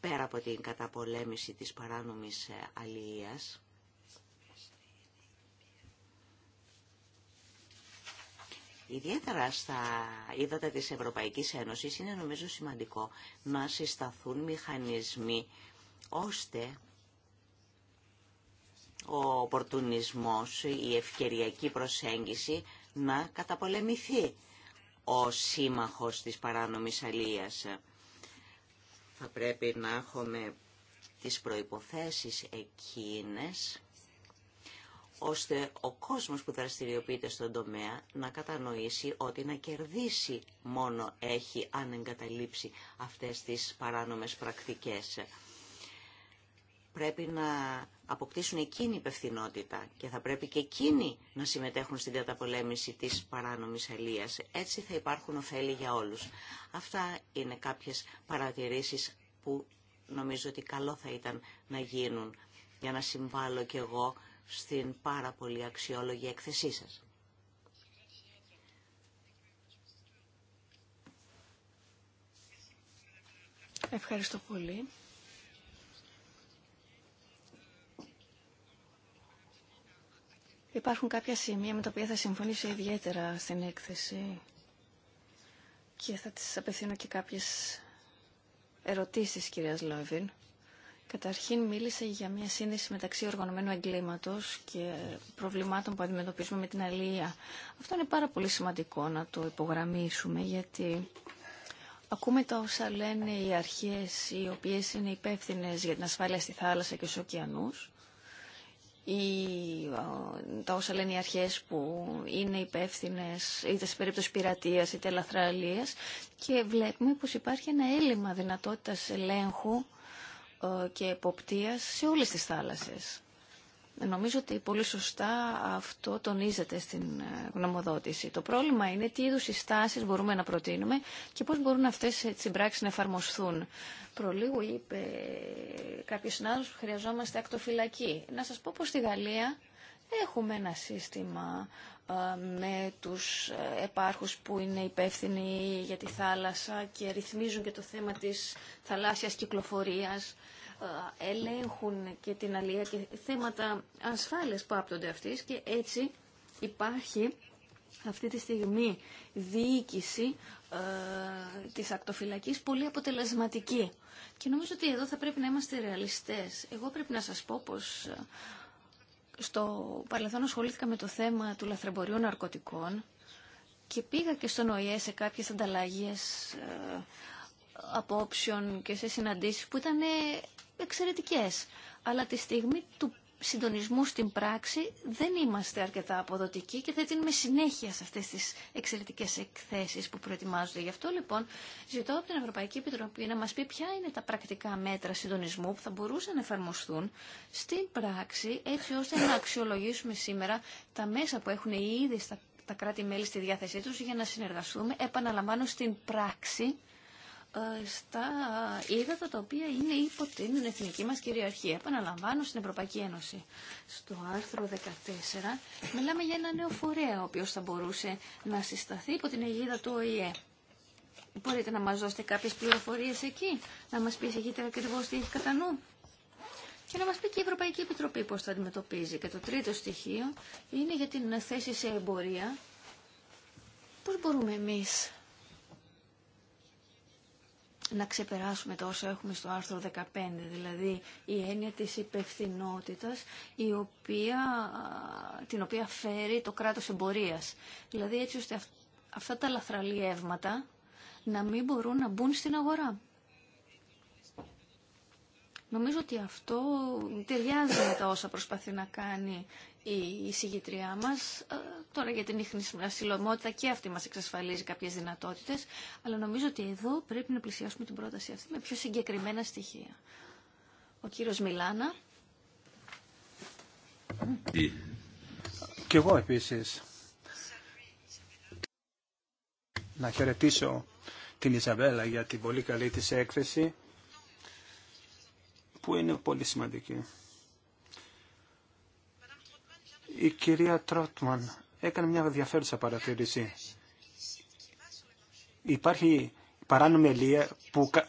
πέρα από την καταπολέμηση της παράνομης ε, αλληλείας, Ιδιαίτερα στα είδατα της Ευρωπαϊκής Ένωσης είναι νομίζω σημαντικό να συσταθούν μηχανισμοί ώστε ο οπορτουνισμός, η ευκαιριακή προσέγγιση να καταπολεμηθεί ο σύμμαχος της παράνομης αλίας. Θα πρέπει να έχουμε τις προϋποθέσεις εκείνες ώστε ο κόσμος που δραστηριοποιείται στον τομέα να κατανοήσει ότι να κερδίσει μόνο έχει αν εγκαταλείψει αυτές τις παράνομες πρακτικές. Πρέπει να αποκτήσουν εκείνη υπευθυνότητα και θα πρέπει και εκείνοι να συμμετέχουν στην καταπολέμηση της παράνομης αλίας. Έτσι θα υπάρχουν ωφέλη για όλους. Αυτά είναι κάποιες παρατηρήσεις που νομίζω ότι καλό θα ήταν να γίνουν για να συμβάλλω κι εγώ στην πάρα πολύ αξιόλογη έκθεσή σας. Ευχαριστώ πολύ. Υπάρχουν κάποια σημεία με τα οποία θα συμφωνήσω ιδιαίτερα στην έκθεση και θα τις απευθύνω και κάποιες ερωτήσεις κυρία Λόιβιν. Καταρχήν μίλησε για μια σύνδεση μεταξύ οργανωμένου εγκλήματος και προβλημάτων που αντιμετωπίζουμε με την αλληλεία. Αυτό είναι πάρα πολύ σημαντικό να το υπογραμμίσουμε γιατί ακούμε τα όσα λένε οι αρχές οι οποίες είναι υπεύθυνε για την ασφάλεια στη θάλασσα και στους ωκεανούς ή τα όσα λένε οι αρχές που είναι υπεύθυνε είτε σε περίπτωση πειρατείας είτε ελαθραλίας και βλέπουμε πως υπάρχει ένα έλλειμμα δυνατότητας ελέγχου ε, και εποπτείας σε όλες τις θάλασσες. Νομίζω ότι πολύ σωστά αυτό τονίζεται στην ε, γνωμοδότηση. Το πρόβλημα είναι τι είδους συστάσεις μπορούμε να προτείνουμε και πώς μπορούν αυτές στην πράξη να εφαρμοστούν. Προλίγου είπε κάποιος συνάδελφος που χρειαζόμαστε ακτοφυλακή. Να σας πω πως στη Γαλλία Έχουμε ένα σύστημα ε, με τους ε, επάρχους που είναι υπεύθυνοι για τη θάλασσα και ρυθμίζουν και το θέμα της θαλάσσιας κυκλοφορίας, ε, ελέγχουν και την αλία και θέματα ασφάλειας που άπτονται αυτής και έτσι υπάρχει αυτή τη στιγμή διοίκηση της ακτοφυλακής πολύ αποτελεσματική. Και νομίζω ότι εδώ θα πρέπει να είμαστε ρεαλιστές. Εγώ πρέπει να σας πω πως στο παρελθόν ασχολήθηκα με το θέμα του λαθρεμπορίου ναρκωτικών και πήγα και στον ΟΗΕ σε κάποιες ανταλλαγές ε, απόψεων και σε συναντήσεις που ήταν ε, εξαιρετικές. Αλλά τη στιγμή του συντονισμού στην πράξη δεν είμαστε αρκετά αποδοτικοί και θα με συνέχεια σε αυτές τις εξαιρετικές εκθέσεις που προετοιμάζονται. Γι' αυτό λοιπόν ζητώ από την Ευρωπαϊκή Επιτροπή να μας πει ποια είναι τα πρακτικά μέτρα συντονισμού που θα μπορούσαν να εφαρμοστούν στην πράξη έτσι ώστε να αξιολογήσουμε σήμερα τα μέσα που έχουν ήδη στα τα κράτη-μέλη στη διάθεσή τους για να συνεργαστούμε, επαναλαμβάνω, στην πράξη ε, στα ύδατα τα οποία είναι υπό την εθνική μας κυριαρχία. Επαναλαμβάνω στην Ευρωπαϊκή Ένωση. Στο άρθρο 14 μιλάμε για ένα νέο φορέα ο οποίος θα μπορούσε να συσταθεί υπό την αιγίδα του ΟΗΕ. Μπορείτε να μας δώσετε κάποιες πληροφορίες εκεί, να μας πείτε ακριβώς τι έχει κατά νου. Και να μας πει και η Ευρωπαϊκή Επιτροπή πώς θα αντιμετωπίζει. Και το τρίτο στοιχείο είναι για την θέση σε εμπορία. Πώς μπορούμε εμείς να ξεπεράσουμε το όσα έχουμε στο άρθρο 15, δηλαδή η έννοια της υπευθυνότητας η οποία, την οποία φέρει το κράτος εμπορίας. Δηλαδή έτσι ώστε αυτά τα λαθραλιεύματα να μην μπορούν να μπουν στην αγορά. Νομίζω ότι αυτό ταιριάζει με τα όσα προσπαθεί να κάνει η συγκητριά μας. Ε, τώρα για την ίχνη συλλομότητα και αυτή μας εξασφαλίζει κάποιες δυνατότητες, αλλά νομίζω ότι εδώ πρέπει να πλησιάσουμε την πρόταση αυτή με πιο συγκεκριμένα στοιχεία. Ο κύριος Μιλάνα. Και εγώ επίσης να χαιρετήσω την Ιζαβέλα για την πολύ καλή της έκθεση που είναι πολύ σημαντική. Η κυρία Τρότμαν έκανε μια ενδιαφέρουσα παρατήρηση. Υπάρχει παράνομη ελεία που κα...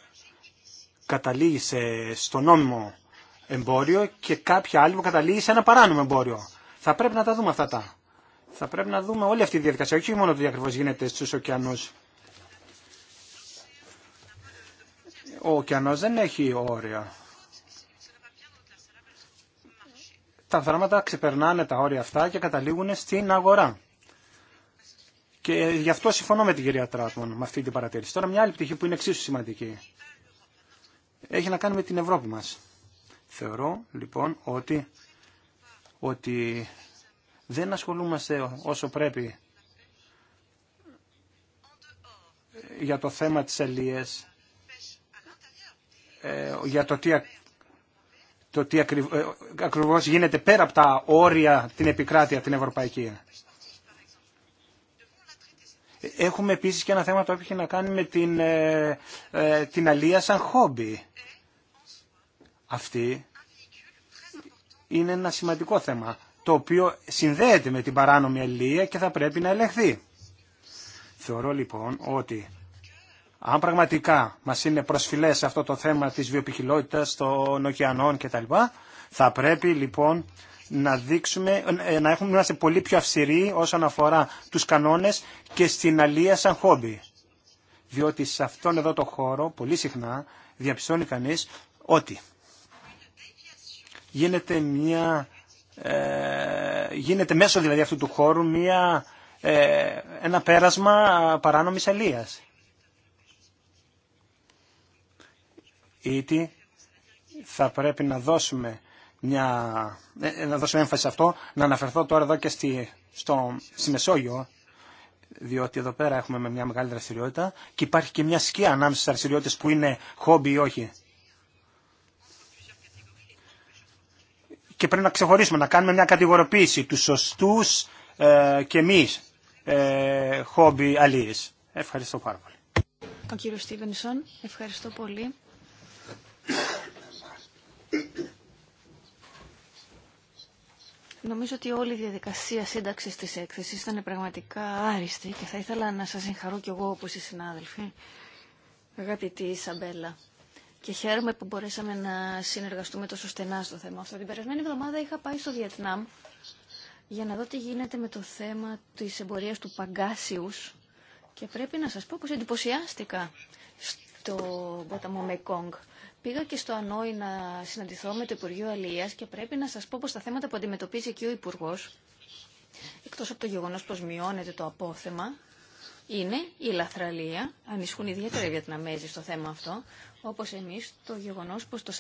καταλήγει στο νόμιμο εμπόριο και κάποια άλλη που καταλήγει σε ένα παράνομο εμπόριο. Θα πρέπει να τα δούμε αυτά τα. Θα πρέπει να δούμε όλη αυτή τη διαδικασία, όχι μόνο το τι ακριβώ γίνεται στου ωκεανού. Ο ωκεανό δεν έχει όρια. τα δράματα ξεπερνάνε τα όρια αυτά και καταλήγουν στην αγορά. Και γι' αυτό συμφωνώ με την κυρία Τράτμαν με αυτή την παρατήρηση. Τώρα μια άλλη πτυχή που είναι εξίσου σημαντική. Έχει να κάνει με την Ευρώπη μας. Θεωρώ λοιπόν ότι, ότι δεν ασχολούμαστε όσο πρέπει για το θέμα της ε, για το τι το τι ε, ακριβώς γίνεται πέρα από τα όρια την επικράτεια την ευρωπαϊκή. Έχουμε επίσης και ένα θέμα το οποίο έχει να κάνει με την, ε, ε, την αλία σαν χόμπι. Αυτή είναι ένα σημαντικό θέμα, το οποίο συνδέεται με την παράνομη αλληλεία και θα πρέπει να ελεγχθεί. Θεωρώ λοιπόν ότι αν πραγματικά μας είναι προσφυλές αυτό το θέμα της βιοπικιλότητας των ωκεανών κτλ. Θα πρέπει λοιπόν να, δείξουμε, ε, να έχουμε, είμαστε πολύ πιο αυστηροί όσον αφορά τους κανόνες και στην αλία σαν χόμπι. Διότι σε αυτόν εδώ το χώρο πολύ συχνά διαπιστώνει κανείς ότι γίνεται μια ε, γίνεται μέσω δηλαδή αυτού του χώρου μια, ε, ένα πέρασμα παράνομης αλίας. ήτη θα πρέπει να δώσουμε, μια, ε, να δώσουμε έμφαση σε αυτό. Να αναφερθώ τώρα εδώ και στη, στο, στη Μεσόγειο, διότι εδώ πέρα έχουμε με μια μεγάλη δραστηριότητα και υπάρχει και μια σκιά ανάμεσα στις δραστηριότητες που είναι χόμπι ή όχι. Και πρέπει να ξεχωρίσουμε, να κάνουμε μια κατηγοροποίηση του σωστούς ε, και εμείς ε, χόμπι αλίες. Ευχαριστώ πάρα πολύ. ευχαριστώ πολύ. Νομίζω ότι όλη η διαδικασία σύνταξης της έκθεσης ήταν πραγματικά άριστη και θα ήθελα να σας συγχαρώ κι εγώ όπως οι συνάδελφοι, αγαπητή Ισαμπέλα. Και χαίρομαι που μπορέσαμε να συνεργαστούμε τόσο στενά στο θέμα αυτό. Την περασμένη εβδομάδα είχα πάει στο Βιετνάμ για να δω τι γίνεται με το θέμα της εμπορίας του Παγκάσιους και πρέπει να σας πω πως εντυπωσιάστηκα στο ποταμό Μεκόγκ. Πήγα και στο Ανόη να συναντηθώ με το Υπουργείο Αλίας και πρέπει να σα πω πω τα θέματα που αντιμετωπίζει εκεί ο υπουργό, εκτό από το γεγονό πω μειώνεται το απόθεμα, είναι η λαθραλία, ανισχούν ιδιαίτερα οι Βιετναμέζοι στο θέμα αυτό, όπως εμείς, το γεγονός πως το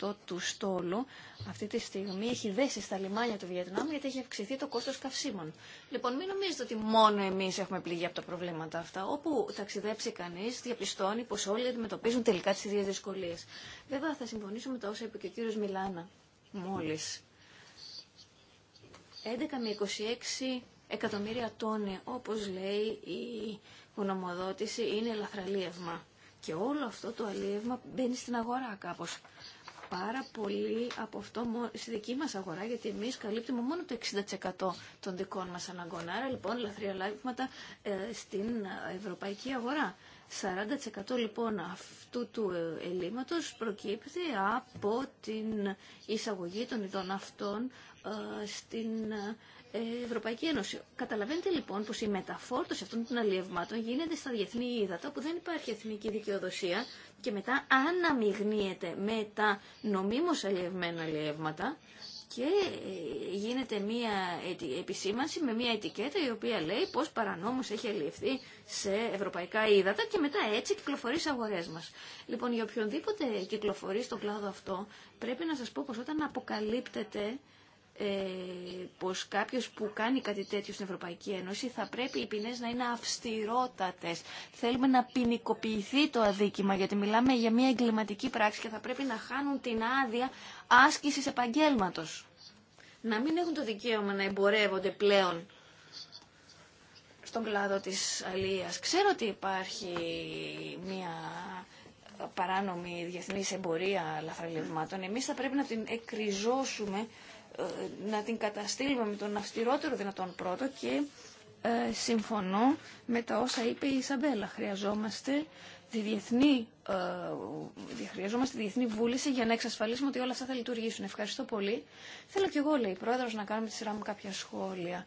40% του στόλου αυτή τη στιγμή έχει δέσει στα λιμάνια του Βιετνάμ γιατί έχει αυξηθεί το κόστος καυσίμων. Λοιπόν, μην νομίζετε ότι μόνο εμείς έχουμε πληγεί από τα προβλήματα αυτά. Όπου ταξιδέψει κανείς, διαπιστώνει πως όλοι αντιμετωπίζουν τελικά τις ίδιες δυσκολίες. Βέβαια, θα συμφωνήσω με τα όσα είπε και ο κύριος Μιλάνα μόλις. 11 με 26 εκατομμύρια τόνοι, όπως λέει η γνωμοδότηση, είναι λαθραλίευμα. Και όλο αυτό το αλίευμα μπαίνει στην αγορά κάπως. Πάρα πολύ από αυτό στη δική μας αγορά, γιατί εμείς καλύπτουμε μόνο το 60% των δικών μας αναγκών. Άρα λοιπόν λαθρεία ε, στην ε, ευρωπαϊκή αγορά. 40% λοιπόν αυτού του ε, ελλείμματος προκύπτει από την εισαγωγή των ειδών αυτών ε, στην ε, Ευρωπαϊκή Ένωση. Καταλαβαίνετε λοιπόν πως η μεταφόρτωση αυτών των αλλιευμάτων γίνεται στα διεθνή ύδατα που δεν υπάρχει εθνική δικαιοδοσία και μετά αναμειγνύεται με τα νομίμως αλλιευμένα αλλιεύματα και ε, γίνεται μία επισήμανση με μία ετικέτα η οποία λέει πως παρανόμως έχει αλλιευθεί σε ευρωπαϊκά ύδατα και μετά έτσι κυκλοφορεί σε αγορές μας. Λοιπόν, για οποιονδήποτε κυκλοφορεί στον κλάδο αυτό πρέπει να σας πω πως όταν αποκαλύπτεται ε, πως κάποιος που κάνει κάτι τέτοιο στην Ευρωπαϊκή Ένωση θα πρέπει οι ποινές να είναι αυστηρότατες. Θέλουμε να ποινικοποιηθεί το αδίκημα γιατί μιλάμε για μια εγκληματική πράξη και θα πρέπει να χάνουν την άδεια άσκησης επαγγέλματος. Να μην έχουν το δικαίωμα να εμπορεύονται πλέον στον κλάδο της αλίας. Ξέρω ότι υπάρχει μια παράνομη διεθνής εμπορία λαθραλευμάτων. Εμείς θα πρέπει να την εκριζώσουμε να την καταστήλουμε με τον αυστηρότερο δυνατόν πρώτο και ε, συμφωνώ με τα όσα είπε η Ισαμπέλα. Χρειαζόμαστε τη διεθνή, ε, χρειαζόμαστε τη διεθνή βούληση για να εξασφαλίσουμε ότι όλα αυτά θα λειτουργήσουν. Ευχαριστώ πολύ. Θέλω κι εγώ, λέει η Πρόεδρος, να κάνουμε τη σειρά μου κάποια σχόλια.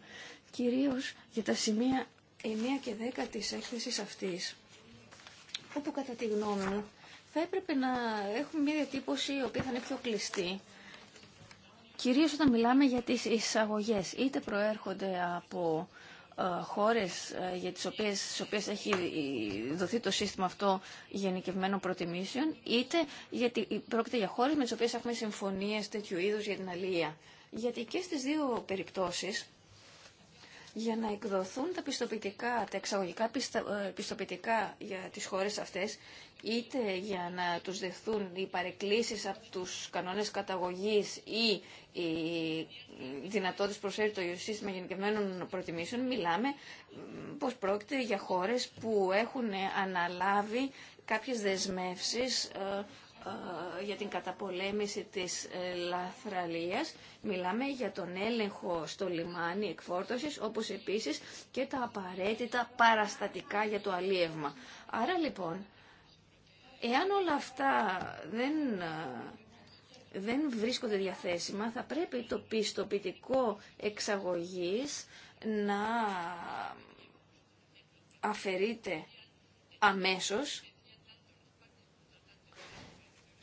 Κυρίως για τα σημεία 9 και 10 της έκθεσης αυτής. Όπου κατά τη γνώμη μου θα έπρεπε να έχουμε μια διατύπωση η οποία θα είναι πιο κλειστή κυρίως όταν μιλάμε για τις εισαγωγές, είτε προέρχονται από ε, χώρες ε, για τις οποίες, στις οποίες έχει ε, δοθεί το σύστημα αυτό γενικευμένων προτιμήσεων, είτε γιατί πρόκειται για χώρες με τις οποίες έχουμε συμφωνίες τέτοιου είδους για την αλληλεία. Γιατί και στις δύο περιπτώσεις για να εκδοθούν τα πιστοποιητικά, τα εξαγωγικά ε, πιστοποιητικά για τις χώρες αυτές, είτε για να τους δεχθούν οι παρεκκλήσεις από τους κανόνες καταγωγής ή οι δυνατότητες προσφέρει το σύστημα γενικευμένων προτιμήσεων, μιλάμε πως πρόκειται για χώρες που έχουν αναλάβει κάποιες δεσμεύσεις ε, ε, για την καταπολέμηση της ε, λαθραλίας. Μιλάμε για τον έλεγχο στο λιμάνι εκφόρτωσης, όπως επίσης και τα απαραίτητα παραστατικά για το αλίευμα. Άρα λοιπόν, εάν όλα αυτά δεν ε, δεν βρίσκονται διαθέσιμα, θα πρέπει το πιστοποιητικό εξαγωγής να αφαιρείται αμέσως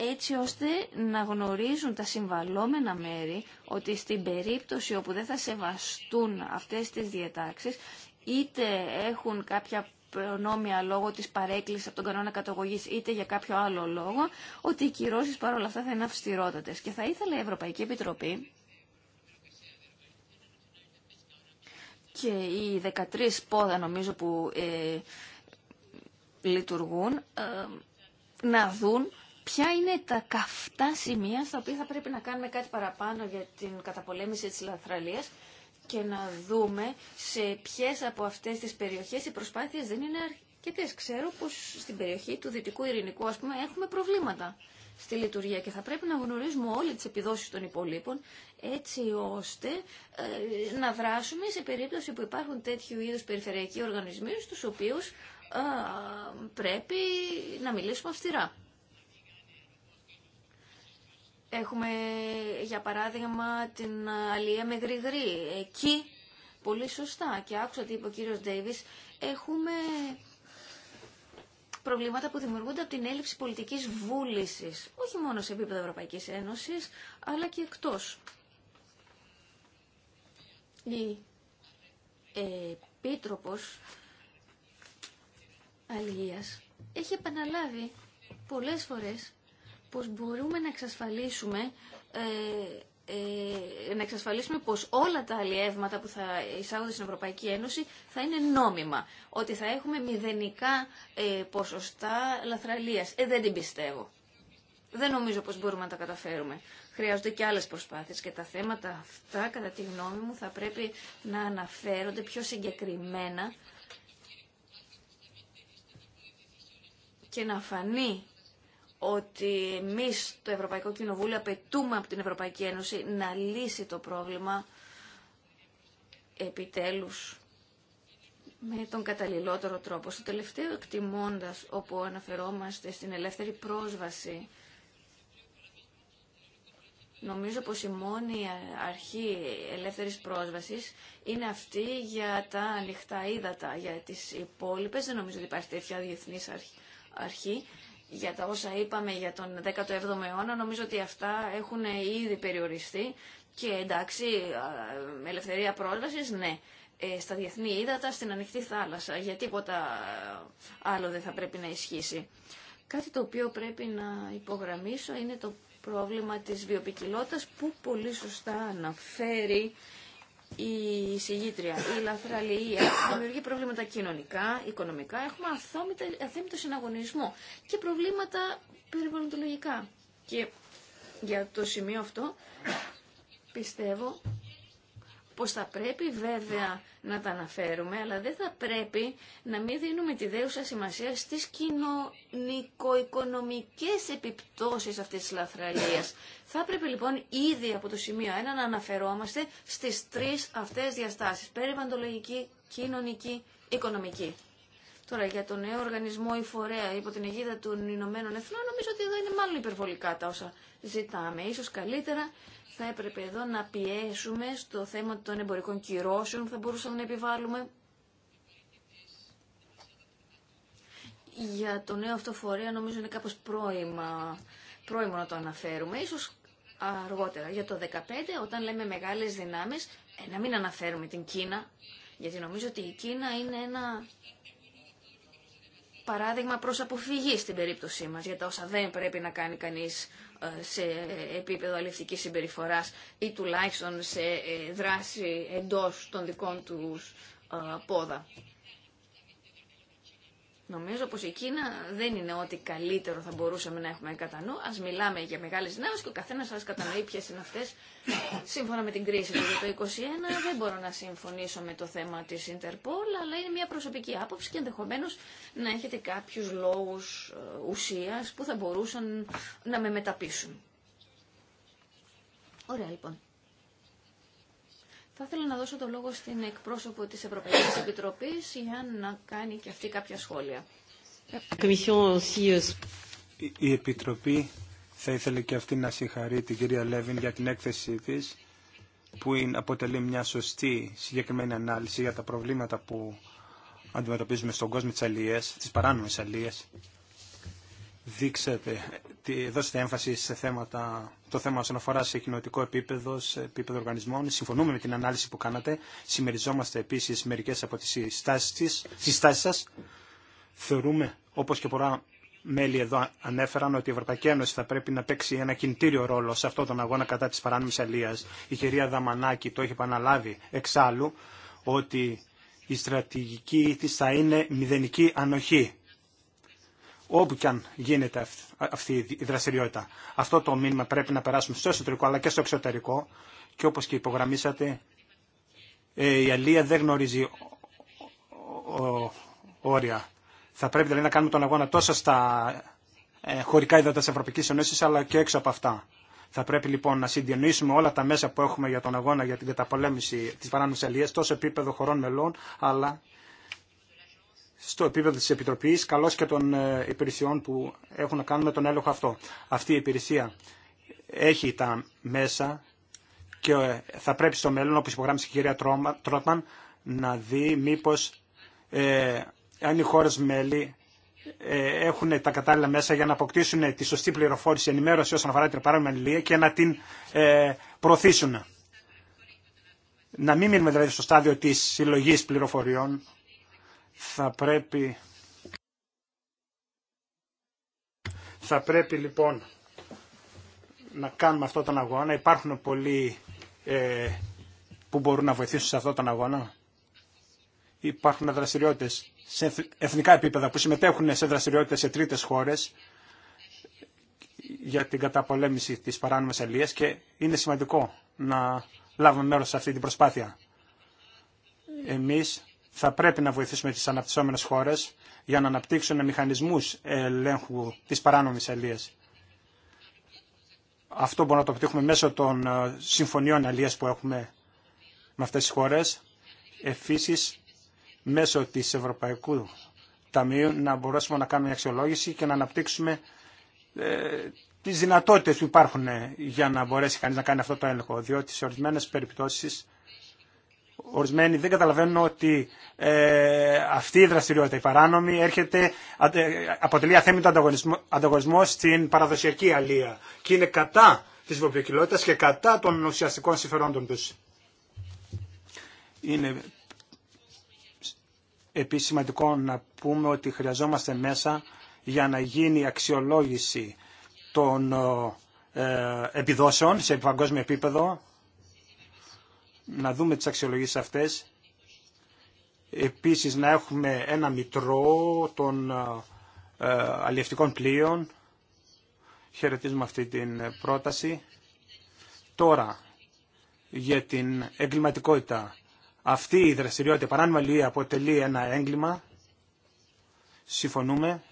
έτσι ώστε να γνωρίζουν τα συμβαλόμενα μέρη ότι στην περίπτωση όπου δεν θα σεβαστούν αυτές τις διατάξεις είτε έχουν κάποια προνόμια λόγω της παρέκκλησης από τον κανόνα καταγωγής είτε για κάποιο άλλο λόγο, ότι οι κυρώσεις παρόλα αυτά θα είναι αυστηρότατες. Και θα ήθελε η Ευρωπαϊκή Επιτροπή και οι 13 πόδα νομίζω που ε, λειτουργούν ε, να δουν ποια είναι τα καυτά σημεία στα οποία θα πρέπει να κάνουμε κάτι παραπάνω για την καταπολέμηση της λαθραλίας και να δούμε σε ποιες από αυτές τις περιοχές οι προσπάθειες δεν είναι αρκετές. Ξέρω πως στην περιοχή του Δυτικού Ειρηνικού ας πούμε, έχουμε προβλήματα στη λειτουργία και θα πρέπει να γνωρίζουμε όλες τις επιδόσεις των υπολείπων έτσι ώστε ε, να δράσουμε σε περίπτωση που υπάρχουν τέτοιου είδους περιφερειακοί οργανισμοί στους οποίους ε, πρέπει να μιλήσουμε αυστηρά. Έχουμε, για παράδειγμα, την αλία με γρηγρή. Εκεί, πολύ σωστά, και άκουσα τι είπε ο κύριος Ντέιβις, έχουμε προβλήματα που δημιουργούνται από την έλλειψη πολιτικής βούλησης, όχι μόνο σε επίπεδο Ευρωπαϊκής Ένωσης, αλλά και εκτός. Η Επίτροπος Αλίας έχει επαναλάβει πολλές φορές πως μπορούμε να εξασφαλίσουμε ε, ε, να εξασφαλίσουμε πως όλα τα αλλιεύματα που θα εισάγονται στην Ευρωπαϊκή Ένωση θα είναι νόμιμα. Ότι θα έχουμε μηδενικά ε, ποσοστά λαθραλίας. δεν την πιστεύω. Δεν νομίζω πως μπορούμε να τα καταφέρουμε. Χρειάζονται και άλλες προσπάθειες και τα θέματα αυτά, κατά τη γνώμη μου, θα πρέπει να αναφέρονται πιο συγκεκριμένα και να φανεί ότι εμεί το Ευρωπαϊκό Κοινοβούλιο απαιτούμε από την Ευρωπαϊκή Ένωση να λύσει το πρόβλημα επιτέλους με τον καταλληλότερο τρόπο. Στο τελευταίο εκτιμώντας όπου αναφερόμαστε στην ελεύθερη πρόσβαση Νομίζω πως η μόνη αρχή ελεύθερης πρόσβασης είναι αυτή για τα ανοιχτά ύδατα. Για τις υπόλοιπες δεν νομίζω ότι υπάρχει τέτοια διεθνής αρχή για τα όσα είπαμε για τον 17ο αιώνα, νομίζω ότι αυτά έχουν ήδη περιοριστεί και εντάξει, ελευθερία πρόσβασης, ναι. Ε, στα διεθνή ύδατα, στην ανοιχτή θάλασσα, για τίποτα ε, άλλο δεν θα πρέπει να ισχύσει. Κάτι το οποίο πρέπει να υπογραμμίσω είναι το πρόβλημα της βιοπικιλότητας που πολύ σωστά αναφέρει η συγγήτρια, η λαθραλία δημιουργεί προβλήματα κοινωνικά, οικονομικά. Έχουμε αθέμητο συναγωνισμό και προβλήματα περιβαλλοντολογικά. Και για το σημείο αυτό πιστεύω πως θα πρέπει βέβαια να τα αναφέρουμε, αλλά δεν θα πρέπει να μην δίνουμε τη δέουσα σημασία στις κοινωνικο-οικονομικές επιπτώσεις αυτής της λαθραλίας. Θα πρέπει λοιπόν ήδη από το σημείο 1 να αναφερόμαστε στις τρεις αυτές διαστάσεις, περιβαντολογική, κοινωνική, οικονομική. Τώρα για τον νέο οργανισμό ή φορέα υπό την αιγίδα των Ηνωμένων Εθνών νομίζω ότι εδώ είναι μάλλον υπερβολικά τα όσα ζητάμε. Ίσως καλύτερα θα έπρεπε εδώ να πιέσουμε στο θέμα των εμπορικών κυρώσεων που θα μπορούσαμε να επιβάλλουμε. Για τον νέο αυτό φορέα νομίζω είναι κάπως πρόημα, πρόημο να το αναφέρουμε. Ίσως αργότερα. Για το 2015 όταν λέμε μεγάλες δυνάμεις ε, να μην αναφέρουμε την Κίνα γιατί νομίζω ότι η Κίνα είναι ένα παράδειγμα προς αποφυγή στην περίπτωσή μας για τα όσα δεν πρέπει να κάνει κανείς ε, σε επίπεδο αληθικής συμπεριφοράς ή τουλάχιστον σε ε, δράση εντός των δικών τους ε, πόδα. Νομίζω πως η Κίνα δεν είναι ό,τι καλύτερο θα μπορούσαμε να έχουμε κατά νου. Ας μιλάμε για μεγάλες δυνάμεις και ο καθένας σας κατανοεί ποιες είναι αυτές. Σύμφωνα με την κρίση του 2021 δεν μπορώ να συμφωνήσω με το θέμα της Ιντερπόλ, αλλά είναι μια προσωπική άποψη και ενδεχομένω να έχετε κάποιους λόγους ε, ουσίας που θα μπορούσαν να με μεταπίσουν. Ωραία λοιπόν. Θα ήθελα να δώσω το λόγο στην εκπρόσωπο της Ευρωπαϊκής Επιτροπής για να κάνει και αυτή κάποια σχόλια. E η Επιτροπή θα ήθελε και αυτή να συγχαρεί την κυρία Λέβιν για την έκθεσή της που αποτελεί μια σωστή συγκεκριμένη ανάλυση για τα προβλήματα που αντιμετωπίζουμε στον κόσμο της αλληλίας, της παράνομης αλληλίας δείξετε, δώσετε έμφαση σε θέματα, το θέμα όσον αφορά σε κοινωτικό επίπεδο, σε επίπεδο οργανισμών. Συμφωνούμε με την ανάλυση που κάνατε. Συμμεριζόμαστε επίση μερικέ από τι συστάσει σα. Θεωρούμε, όπω και πολλά μέλη εδώ ανέφεραν ότι η Ευρωπαϊκή Ένωση θα πρέπει να παίξει ένα κινητήριο ρόλο σε αυτόν τον αγώνα κατά τη παράνομη αλίας. Η κυρία Δαμανάκη το έχει επαναλάβει εξάλλου ότι η στρατηγική της θα είναι μηδενική ανοχή όπου και αν γίνεται αυτή η δραστηριότητα. Αυτό το μήνυμα πρέπει να περάσουμε στο εσωτερικό αλλά και στο εξωτερικό και όπως και υπογραμμίσατε ε, η Αλία δεν γνωρίζει όρια. Θα πρέπει δηλαδή να κάνουμε τον αγώνα τόσο στα ε, χωρικά ύδατα της Ευρωπαϊκής Ένωσης αλλά και έξω από αυτά. Θα πρέπει λοιπόν να συντηρήσουμε όλα τα μέσα που έχουμε για τον αγώνα για την καταπολέμηση της παράνομης Αλίας, τόσο επίπεδο χωρών μελών αλλά στο επίπεδο της Επιτροπής, καλώς και των ε, υπηρεσιών που έχουν να κάνουν με τον έλεγχο αυτό. Αυτή η υπηρεσία έχει τα μέσα και ε, θα πρέπει στο μέλλον, όπως υπογράμμισε η κυρία Τρότμαν, να δει μήπως ε, αν οι χώρες μέλη έχουν τα κατάλληλα μέσα για να αποκτήσουν τη σωστή πληροφόρηση, ενημέρωση όσον αφορά την παράνομη αλληλεία και να την προωθήσουν. Να μην μείνουμε δηλαδή στο στάδιο της συλλογής πληροφοριών, θα πρέπει... Θα πρέπει λοιπόν να κάνουμε αυτόν τον αγώνα. Υπάρχουν πολλοί ε, που μπορούν να βοηθήσουν σε αυτόν τον αγώνα. Υπάρχουν δραστηριότητες σε εθνικά επίπεδα που συμμετέχουν σε δραστηριότητες σε τρίτες χώρες για την καταπολέμηση της παράνομης αλληλείας και είναι σημαντικό να λάβουμε μέρος σε αυτή την προσπάθεια. Εμείς θα πρέπει να βοηθήσουμε τις αναπτυσσόμενες χώρες για να αναπτύξουν μηχανισμούς ελέγχου της παράνομης αλίας. Αυτό μπορούμε να το πετύχουμε μέσω των ε, συμφωνιών αλίας που έχουμε με αυτές τις χώρες. Επίσης, μέσω της Ευρωπαϊκού Ταμείου να μπορέσουμε να κάνουμε αξιολόγηση και να αναπτύξουμε ε, τις δυνατότητες που υπάρχουν για να μπορέσει κανείς να κάνει αυτό το έλεγχο. Διότι σε ορισμένες περιπτώσεις ορισμένοι δεν καταλαβαίνουν ότι ε, αυτή η δραστηριότητα, η παράνομη, έρχεται, ε, αποτελεί αθέμητο ανταγωνισμό, ανταγωνισμό στην παραδοσιακή αλία και είναι κατά της βιοποικιλότητας και κατά των ουσιαστικών συμφερόντων τους. Είναι επίσημα σημαντικό να πούμε ότι χρειαζόμαστε μέσα για να γίνει αξιολόγηση των ε, επιδόσεων σε παγκόσμιο επίπεδο να δούμε τις αξιολογήσεις αυτές. Επίσης να έχουμε ένα μητρό των ε, ε, αλλιευτικών πλοίων. Χαιρετίζουμε αυτή την πρόταση. Τώρα, για την εγκληματικότητα. Αυτή η δραστηριότητα, η αποτελεί ένα έγκλημα. Συμφωνούμε.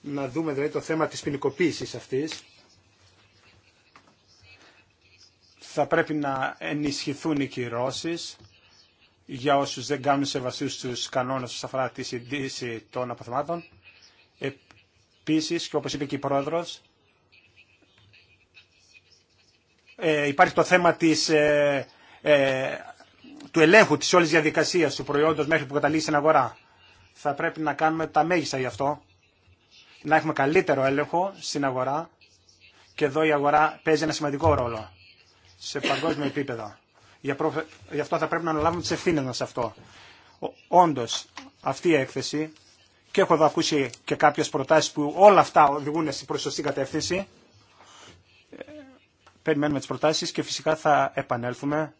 Να δούμε δηλαδή το θέμα της ποινικοποίηση αυτής. θα πρέπει να ενισχυθούν οι κυρώσεις για όσους δεν κάνουν σεβασίους του κανόνες όσον αφορά τη συντήρηση των αποθεμάτων. Επίσης, και όπως είπε και η Πρόεδρος, ε, υπάρχει το θέμα της, ε, ε, του ελέγχου της όλης διαδικασίας του προϊόντος μέχρι που καταλήγει στην αγορά. Θα πρέπει να κάνουμε τα μέγιστα γι' αυτό, να έχουμε καλύτερο έλεγχο στην αγορά και εδώ η αγορά παίζει ένα σημαντικό ρόλο σε παγκόσμιο επίπεδο. Γι' αυτό θα πρέπει να αναλάβουμε τις ευθύνες σε αυτό. Όντω αυτή η έκθεση, και έχω εδώ ακούσει και κάποιε προτάσει που όλα αυτά οδηγούν στην προσωστή κατεύθυνση, ε, περιμένουμε τι προτάσει και φυσικά θα επανέλθουμε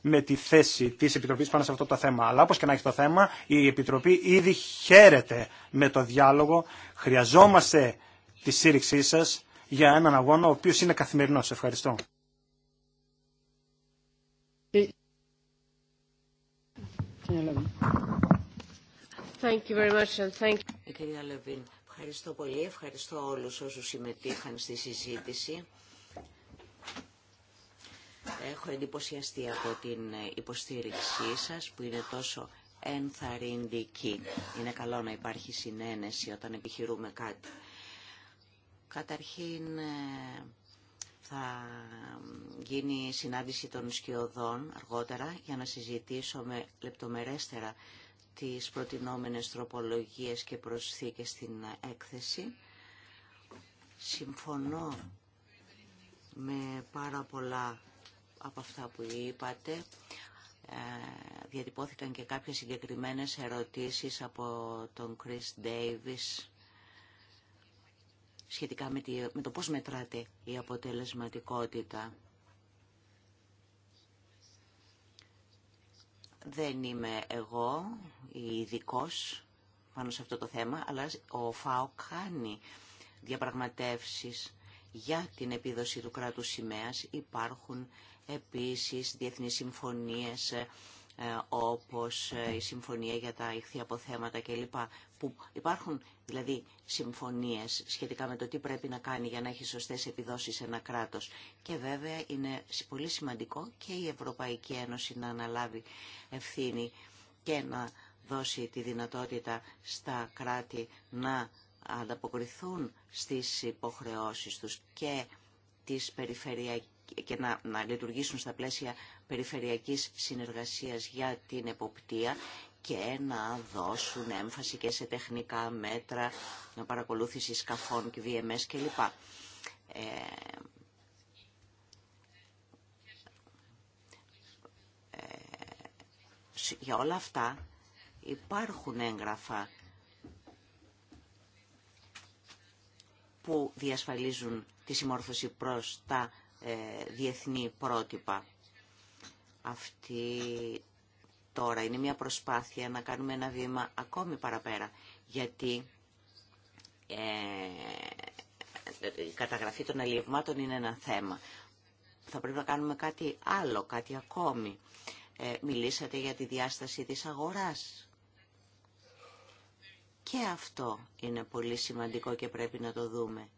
με τη θέση τη Επιτροπή πάνω σε αυτό το θέμα. Αλλά όπω και να έχει το θέμα, η Επιτροπή ήδη χαίρεται με το διάλογο. Χρειαζόμαστε τη σύρρηξή σα για έναν αγώνα ο οποίος είναι καθημερινός. Ευχαριστώ. ευχαριστώ πολύ. Ευχαριστώ όλους όσους συμμετείχαν στη συζήτηση. Έχω εντυπωσιαστεί από την υποστήριξή σας που είναι τόσο ενθαρρυντική. Είναι καλό να υπάρχει συνένεση όταν επιχειρούμε κάτι. Καταρχήν ε, θα γίνει συνάντηση των σκιωδών αργότερα για να συζητήσουμε λεπτομερέστερα τις προτινόμενες τροπολογίες και προσθήκες στην έκθεση. Συμφωνώ με πάρα πολλά από αυτά που είπατε. Ε, διατυπώθηκαν και κάποιες συγκεκριμένες ερωτήσεις από τον Chris Davis σχετικά με το πώς μετράτε η αποτελεσματικότητα. Δεν είμαι εγώ ειδικό πάνω σε αυτό το θέμα, αλλά ο ΦΑΟ κάνει διαπραγματεύσεις για την επίδοση του κράτους σημαίας. Υπάρχουν επίσης διεθνείς συμφωνίες ε, όπως ε, η συμφωνία για τα ηχθή αποθέματα κλπ. Που υπάρχουν δηλαδή συμφωνίες σχετικά με το τι πρέπει να κάνει για να έχει σωστές επιδόσεις ένα κράτος. Και βέβαια είναι πολύ σημαντικό και η Ευρωπαϊκή Ένωση να αναλάβει ευθύνη και να δώσει τη δυνατότητα στα κράτη να ανταποκριθούν στις υποχρεώσεις τους και τις περιφερειακές και να, λειτουργήσουν στα πλαίσια περιφερειακής συνεργασίας για την εποπτεία και να δώσουν έμφαση και σε τεχνικά μέτρα παρακολούθηση σκαφών και VMS κλπ. Ε, για όλα αυτά υπάρχουν έγγραφα που διασφαλίζουν τη συμμόρφωση προς τα ε, διεθνή πρότυπα. Αυτή τώρα είναι μια προσπάθεια να κάνουμε ένα βήμα ακόμη παραπέρα, γιατί ε, η καταγραφή των αλλιευμάτων είναι ένα θέμα. Θα πρέπει να κάνουμε κάτι άλλο, κάτι ακόμη. Ε, μιλήσατε για τη διάσταση της αγοράς. Και αυτό είναι πολύ σημαντικό και πρέπει να το δούμε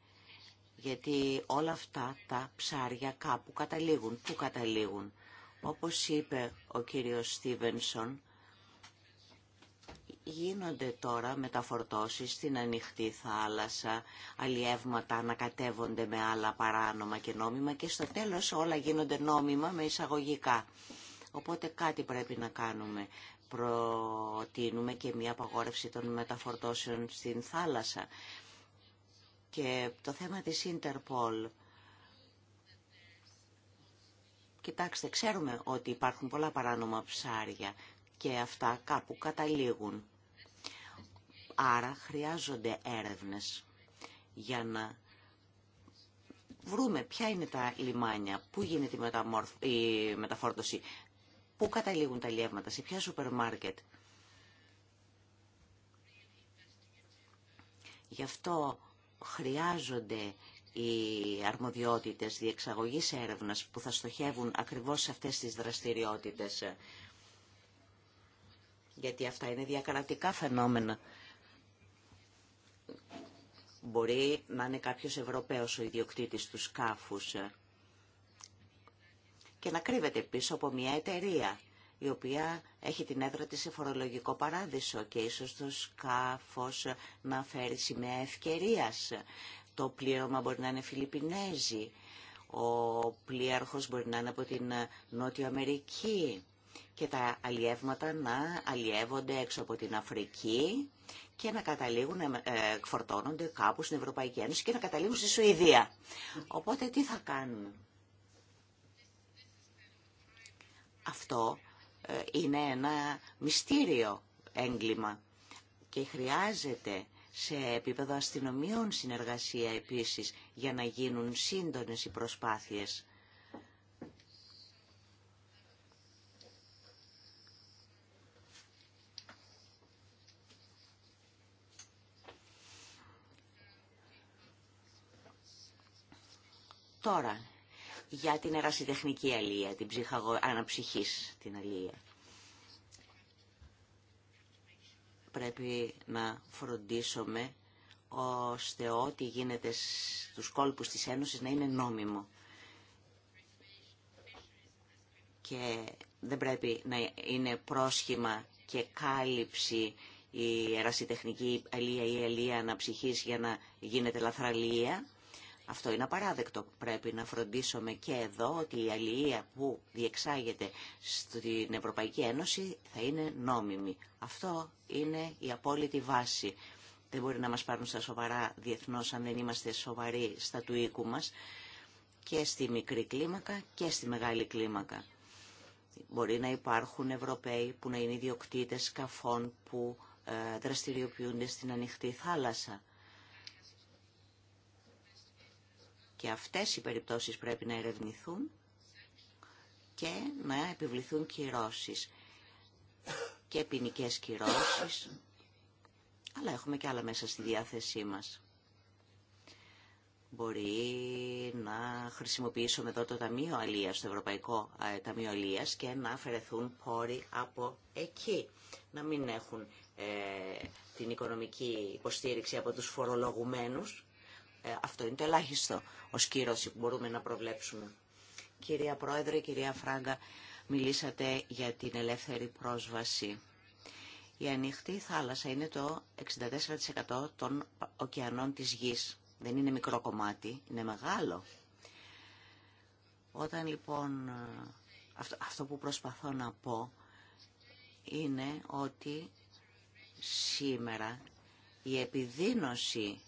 γιατί όλα αυτά τα ψάρια κάπου καταλήγουν. Πού καταλήγουν. Όπως είπε ο κύριος Στίβενσον, γίνονται τώρα μεταφορτώσεις στην ανοιχτή θάλασσα, αλλιεύματα ανακατεύονται με άλλα παράνομα και νόμιμα και στο τέλος όλα γίνονται νόμιμα με εισαγωγικά. Οπότε κάτι πρέπει να κάνουμε. Προτείνουμε και μια απαγόρευση των μεταφορτώσεων στην θάλασσα και το θέμα της Ίντερπολ. Κοιτάξτε, ξέρουμε ότι υπάρχουν πολλά παράνομα ψάρια και αυτά κάπου καταλήγουν. Άρα χρειάζονται έρευνες για να βρούμε ποια είναι τα λιμάνια, πού γίνεται η, μεταμορφ... μεταφόρτωση, πού καταλήγουν τα λιεύματα, σε ποια σούπερ μάρκετ. Γι' αυτό χρειάζονται οι αρμοδιότητες διεξαγωγής έρευνας που θα στοχεύουν ακριβώς σε αυτές τις δραστηριότητες. Γιατί αυτά είναι διακρατικά φαινόμενα. Μπορεί να είναι κάποιος Ευρωπαίος ο ιδιοκτήτης του σκάφους και να κρύβεται πίσω από μια εταιρεία η οποία έχει την έδρα της σε φορολογικό παράδεισο και ίσως το σκάφος να φέρει σημαία ευκαιρία. Το πλήρωμα μπορεί να είναι Φιλιππινέζι, ο πλήρχος μπορεί να είναι από την Νότια Αμερική και τα αλλιεύματα να αλλιεύονται έξω από την Αφρική και να καταλήγουν, να ε, εκφορτώνονται κάπου στην Ευρωπαϊκή Ένωση και να καταλήγουν στη Σουηδία. Οπότε τι θα κάνουν. Αυτό είναι ένα μυστήριο έγκλημα και χρειάζεται σε επίπεδο αστυνομιών συνεργασία επίσης για να γίνουν σύντονες οι προσπάθειες. Τώρα, για την ερασιτεχνική αλία, την ψυχαγω... αναψυχής την αλία. Πρέπει να φροντίσουμε ώστε ό,τι γίνεται στους κόλπους της Ένωσης να είναι νόμιμο. Και δεν πρέπει να είναι πρόσχημα και κάλυψη η ερασιτεχνική αλία ή αλία αναψυχής για να γίνεται λαθραλία. Αυτό είναι απαράδεκτο. Πρέπει να φροντίσουμε και εδώ ότι η αλληλεία που διεξάγεται στην Ευρωπαϊκή Ένωση θα είναι νόμιμη. Αυτό είναι η απόλυτη βάση. Δεν μπορεί να μας πάρουν στα σοβαρά διεθνώς αν δεν είμαστε σοβαροί στα του οίκου μας και στη μικρή κλίμακα και στη μεγάλη κλίμακα. Μπορεί να υπάρχουν Ευρωπαίοι που να είναι ιδιοκτήτες σκαφών που ε, δραστηριοποιούνται στην ανοιχτή θάλασσα. Και αυτές οι περιπτώσεις πρέπει να ερευνηθούν και να επιβληθούν κυρώσεις και ποινικέ κυρώσεις, αλλά έχουμε και άλλα μέσα στη διάθεσή μας. Μπορεί να χρησιμοποιήσουμε εδώ το Ταμείο Αλίας, το Ευρωπαϊκό ε, Ταμείο Αλίας και να αφαιρεθούν πόροι από εκεί. Να μην έχουν ε, την οικονομική υποστήριξη από τους φορολογουμένους ε, αυτό είναι το ελάχιστο ω κύρωση που μπορούμε να προβλέψουμε. Κυρία Πρόεδρε, κυρία Φράγκα, μιλήσατε για την ελεύθερη πρόσβαση. Η ανοιχτή θάλασσα είναι το 64% των ωκεανών της γης. Δεν είναι μικρό κομμάτι, είναι μεγάλο. Όταν λοιπόν ε, αυτό που προσπαθώ να πω είναι ότι σήμερα η επιδίνωση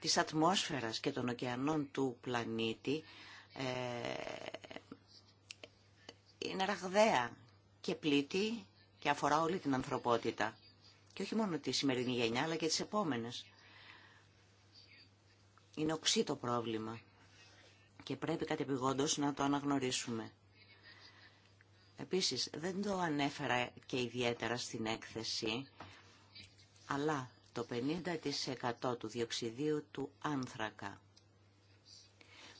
της ατμόσφαιρας και των ωκεανών του πλανήτη ε, είναι ραγδαία και πλήττει και αφορά όλη την ανθρωπότητα. Και όχι μόνο τη σημερινή γενιά, αλλά και τις επόμενες. Είναι οξύ το πρόβλημα και πρέπει κατεπηγόντως να το αναγνωρίσουμε. Επίσης, δεν το ανέφερα και ιδιαίτερα στην έκθεση, αλλά το 50% του διοξιδίου του άνθρακα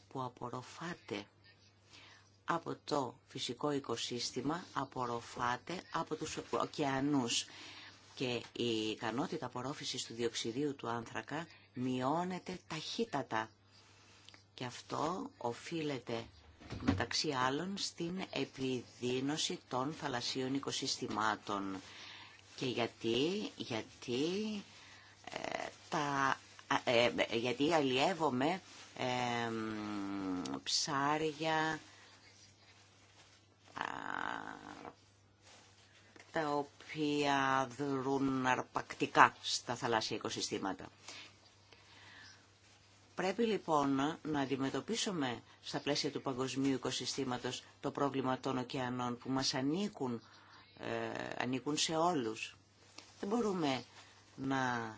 που απορροφάται από το φυσικό οικοσύστημα, απορροφάται από τους ωκεανούς και η ικανότητα απορρόφησης του διοξιδίου του άνθρακα μειώνεται ταχύτατα. Και αυτό οφείλεται μεταξύ άλλων στην επιδείνωση των θαλασσίων οικοσυστημάτων. Και γιατί, γιατί τα, ε, ε, γιατί αλλιεύομαι ε, ψάρια τα οποία δρούν αρπακτικά στα θαλάσσια οικοσυστήματα. Πρέπει λοιπόν να αντιμετωπίσουμε στα πλαίσια του παγκοσμίου οικοσυστήματος το πρόβλημα των ωκεανών που μας ανήκουν, ανήκουν σε όλους. Δεν μπορούμε να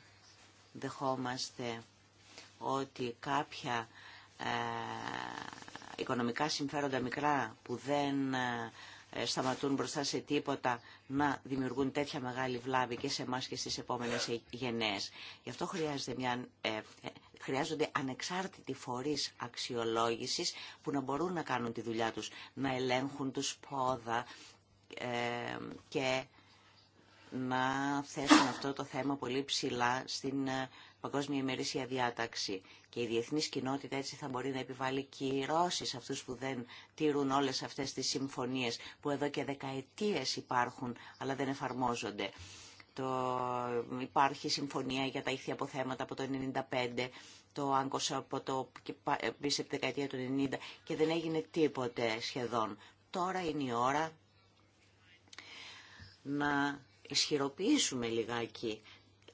δεχόμαστε ότι κάποια ε, οικονομικά συμφέροντα μικρά που δεν ε, σταματούν μπροστά σε τίποτα να δημιουργούν τέτοια μεγάλη βλάβη και σε εμά και στις επόμενες γενναίες. Γι' αυτό χρειάζεται μια, ε, ε, χρειάζονται ανεξάρτητοι φορείς αξιολόγησης που να μπορούν να κάνουν τη δουλειά τους, να ελέγχουν τους πόδα και να θέσουν αυτό το θέμα πολύ ψηλά στην ε, παγκόσμια ημερήσια διάταξη. Και η διεθνής κοινότητα έτσι θα μπορεί να επιβάλλει κυρώσει σε αυτούς που δεν τήρουν όλες αυτές τις συμφωνίες που εδώ και δεκαετίε υπάρχουν αλλά δεν εφαρμόζονται. Το, υπάρχει συμφωνία για τα ηχθή αποθέματα από το 1995, το άγκος από το ε, πίσω από τη δεκαετία του 1990 και δεν έγινε τίποτε σχεδόν. Τώρα είναι η ώρα να ισχυροποιήσουμε λιγάκι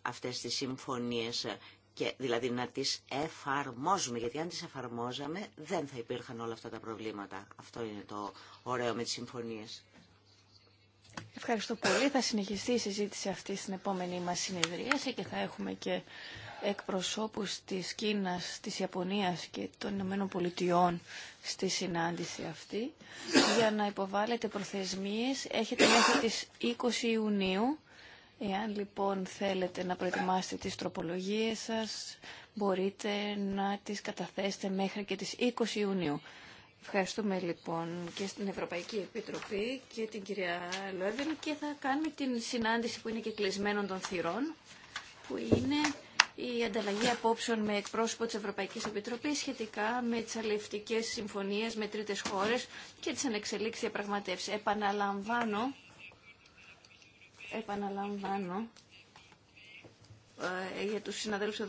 αυτές τις συμφωνίες και δηλαδή να τις εφαρμόζουμε, γιατί αν τις εφαρμόζαμε δεν θα υπήρχαν όλα αυτά τα προβλήματα. Αυτό είναι το ωραίο με τις συμφωνίες. Ευχαριστώ πολύ. Θα συνεχιστεί η συζήτηση αυτή στην επόμενή μας συνεδρίαση και θα έχουμε και εκπροσώπους της Κίνας, της Ιαπωνίας και των Ηνωμένων Πολιτειών στη συνάντηση αυτή για να υποβάλλετε προθεσμίες. Έχετε μέχρι τις 20 Ιουνίου. Εάν λοιπόν θέλετε να προετοιμάσετε τις τροπολογίες σας, μπορείτε να τις καταθέσετε μέχρι και τις 20 Ιουνίου. Ευχαριστούμε λοιπόν και στην Ευρωπαϊκή Επιτροπή και την κυρία Λόεβεν και θα κάνουμε την συνάντηση που είναι και κλεισμένων των θυρών, που είναι η ανταλλαγή απόψεων με εκπρόσωπο της Ευρωπαϊκής Επιτροπής σχετικά με τις αλληλευτικές συμφωνίες με τρίτες χώρες και τις ανεξελίξεις διαπραγματεύσεις. Επαναλαμβάνω, επαναλαμβάνω ε, για τους συναδέλφους